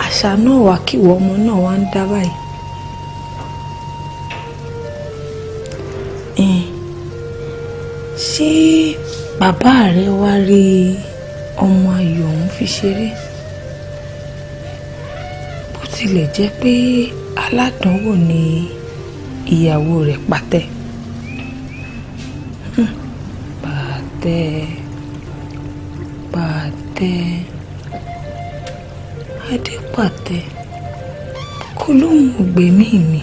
A: àṣà náà wà kíwọ ọmọ náà wá ń dá báyìí ṣé bàbá rẹ̀ wá rí i ọmọ ayọ̀ ọ̀hún fi ṣeré bó tilẹ̀ jẹ́ pé aládánwò ni ìyàwó rẹ̀ pàtẹ́ hmm, pàtẹ́ pàtẹ́ adé pàtẹ́ kó lóun ò gbèmí mi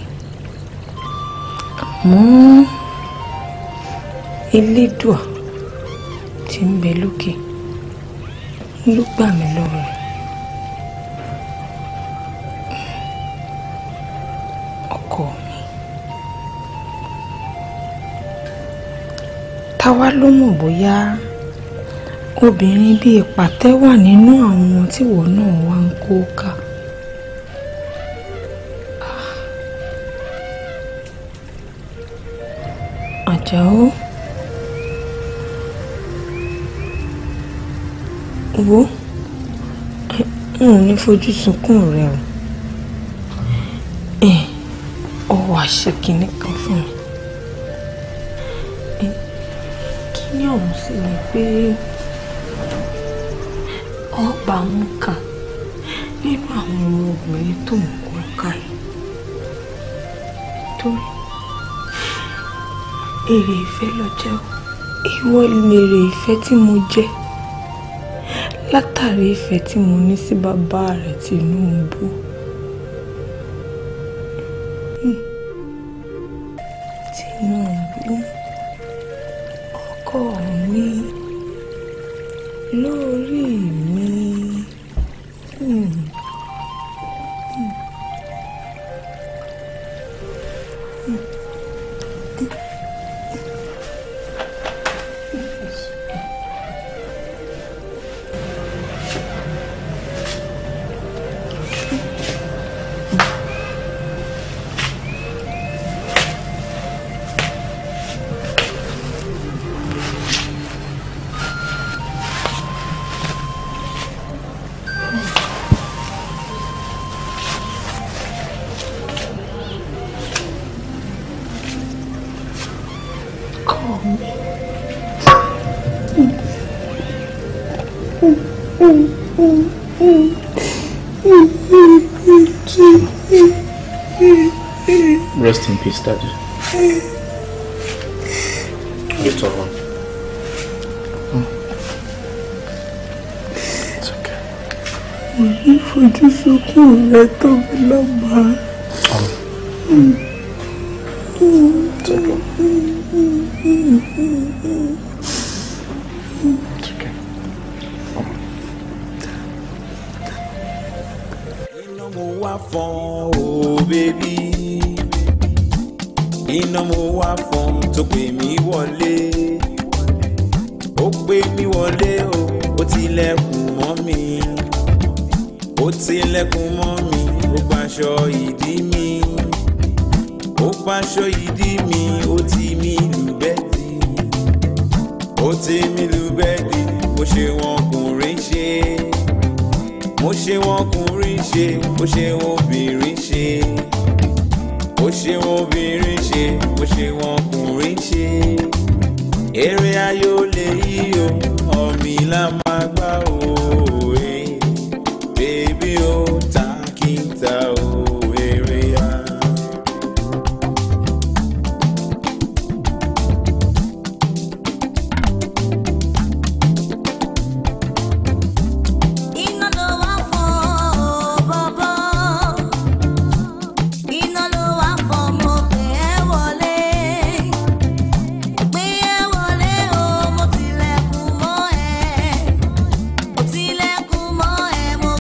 A: elédùà tí ń bẹ lókè ló gbà mí lọ́rùn. ọkọ mi táwa ló mọ̀ bóyá obìnrin bíi pàtẹ́ wà nínú àwọn tí náà wá ń kó ká. wo n ò ní fojú sunkún rẹ o ọ wà ṣe
J: kinní kan fún mi kíní ọ̀hún sì ni pé ọgbà mú kan
A: nínú àwọn obìnrin tó ń kó kalẹ̀ torí èrè ìfẹ́ lọ jẹ́ ìwọ lèrè ìfẹ́ tí mo jẹ́ látàrí ìfẹ́ tí mo ní sí bàbá
J: rẹ̀ Tinubu.
E: in
B: peace, Daddy. It's all right.
D: It's okay. Mo ní fojú sunkún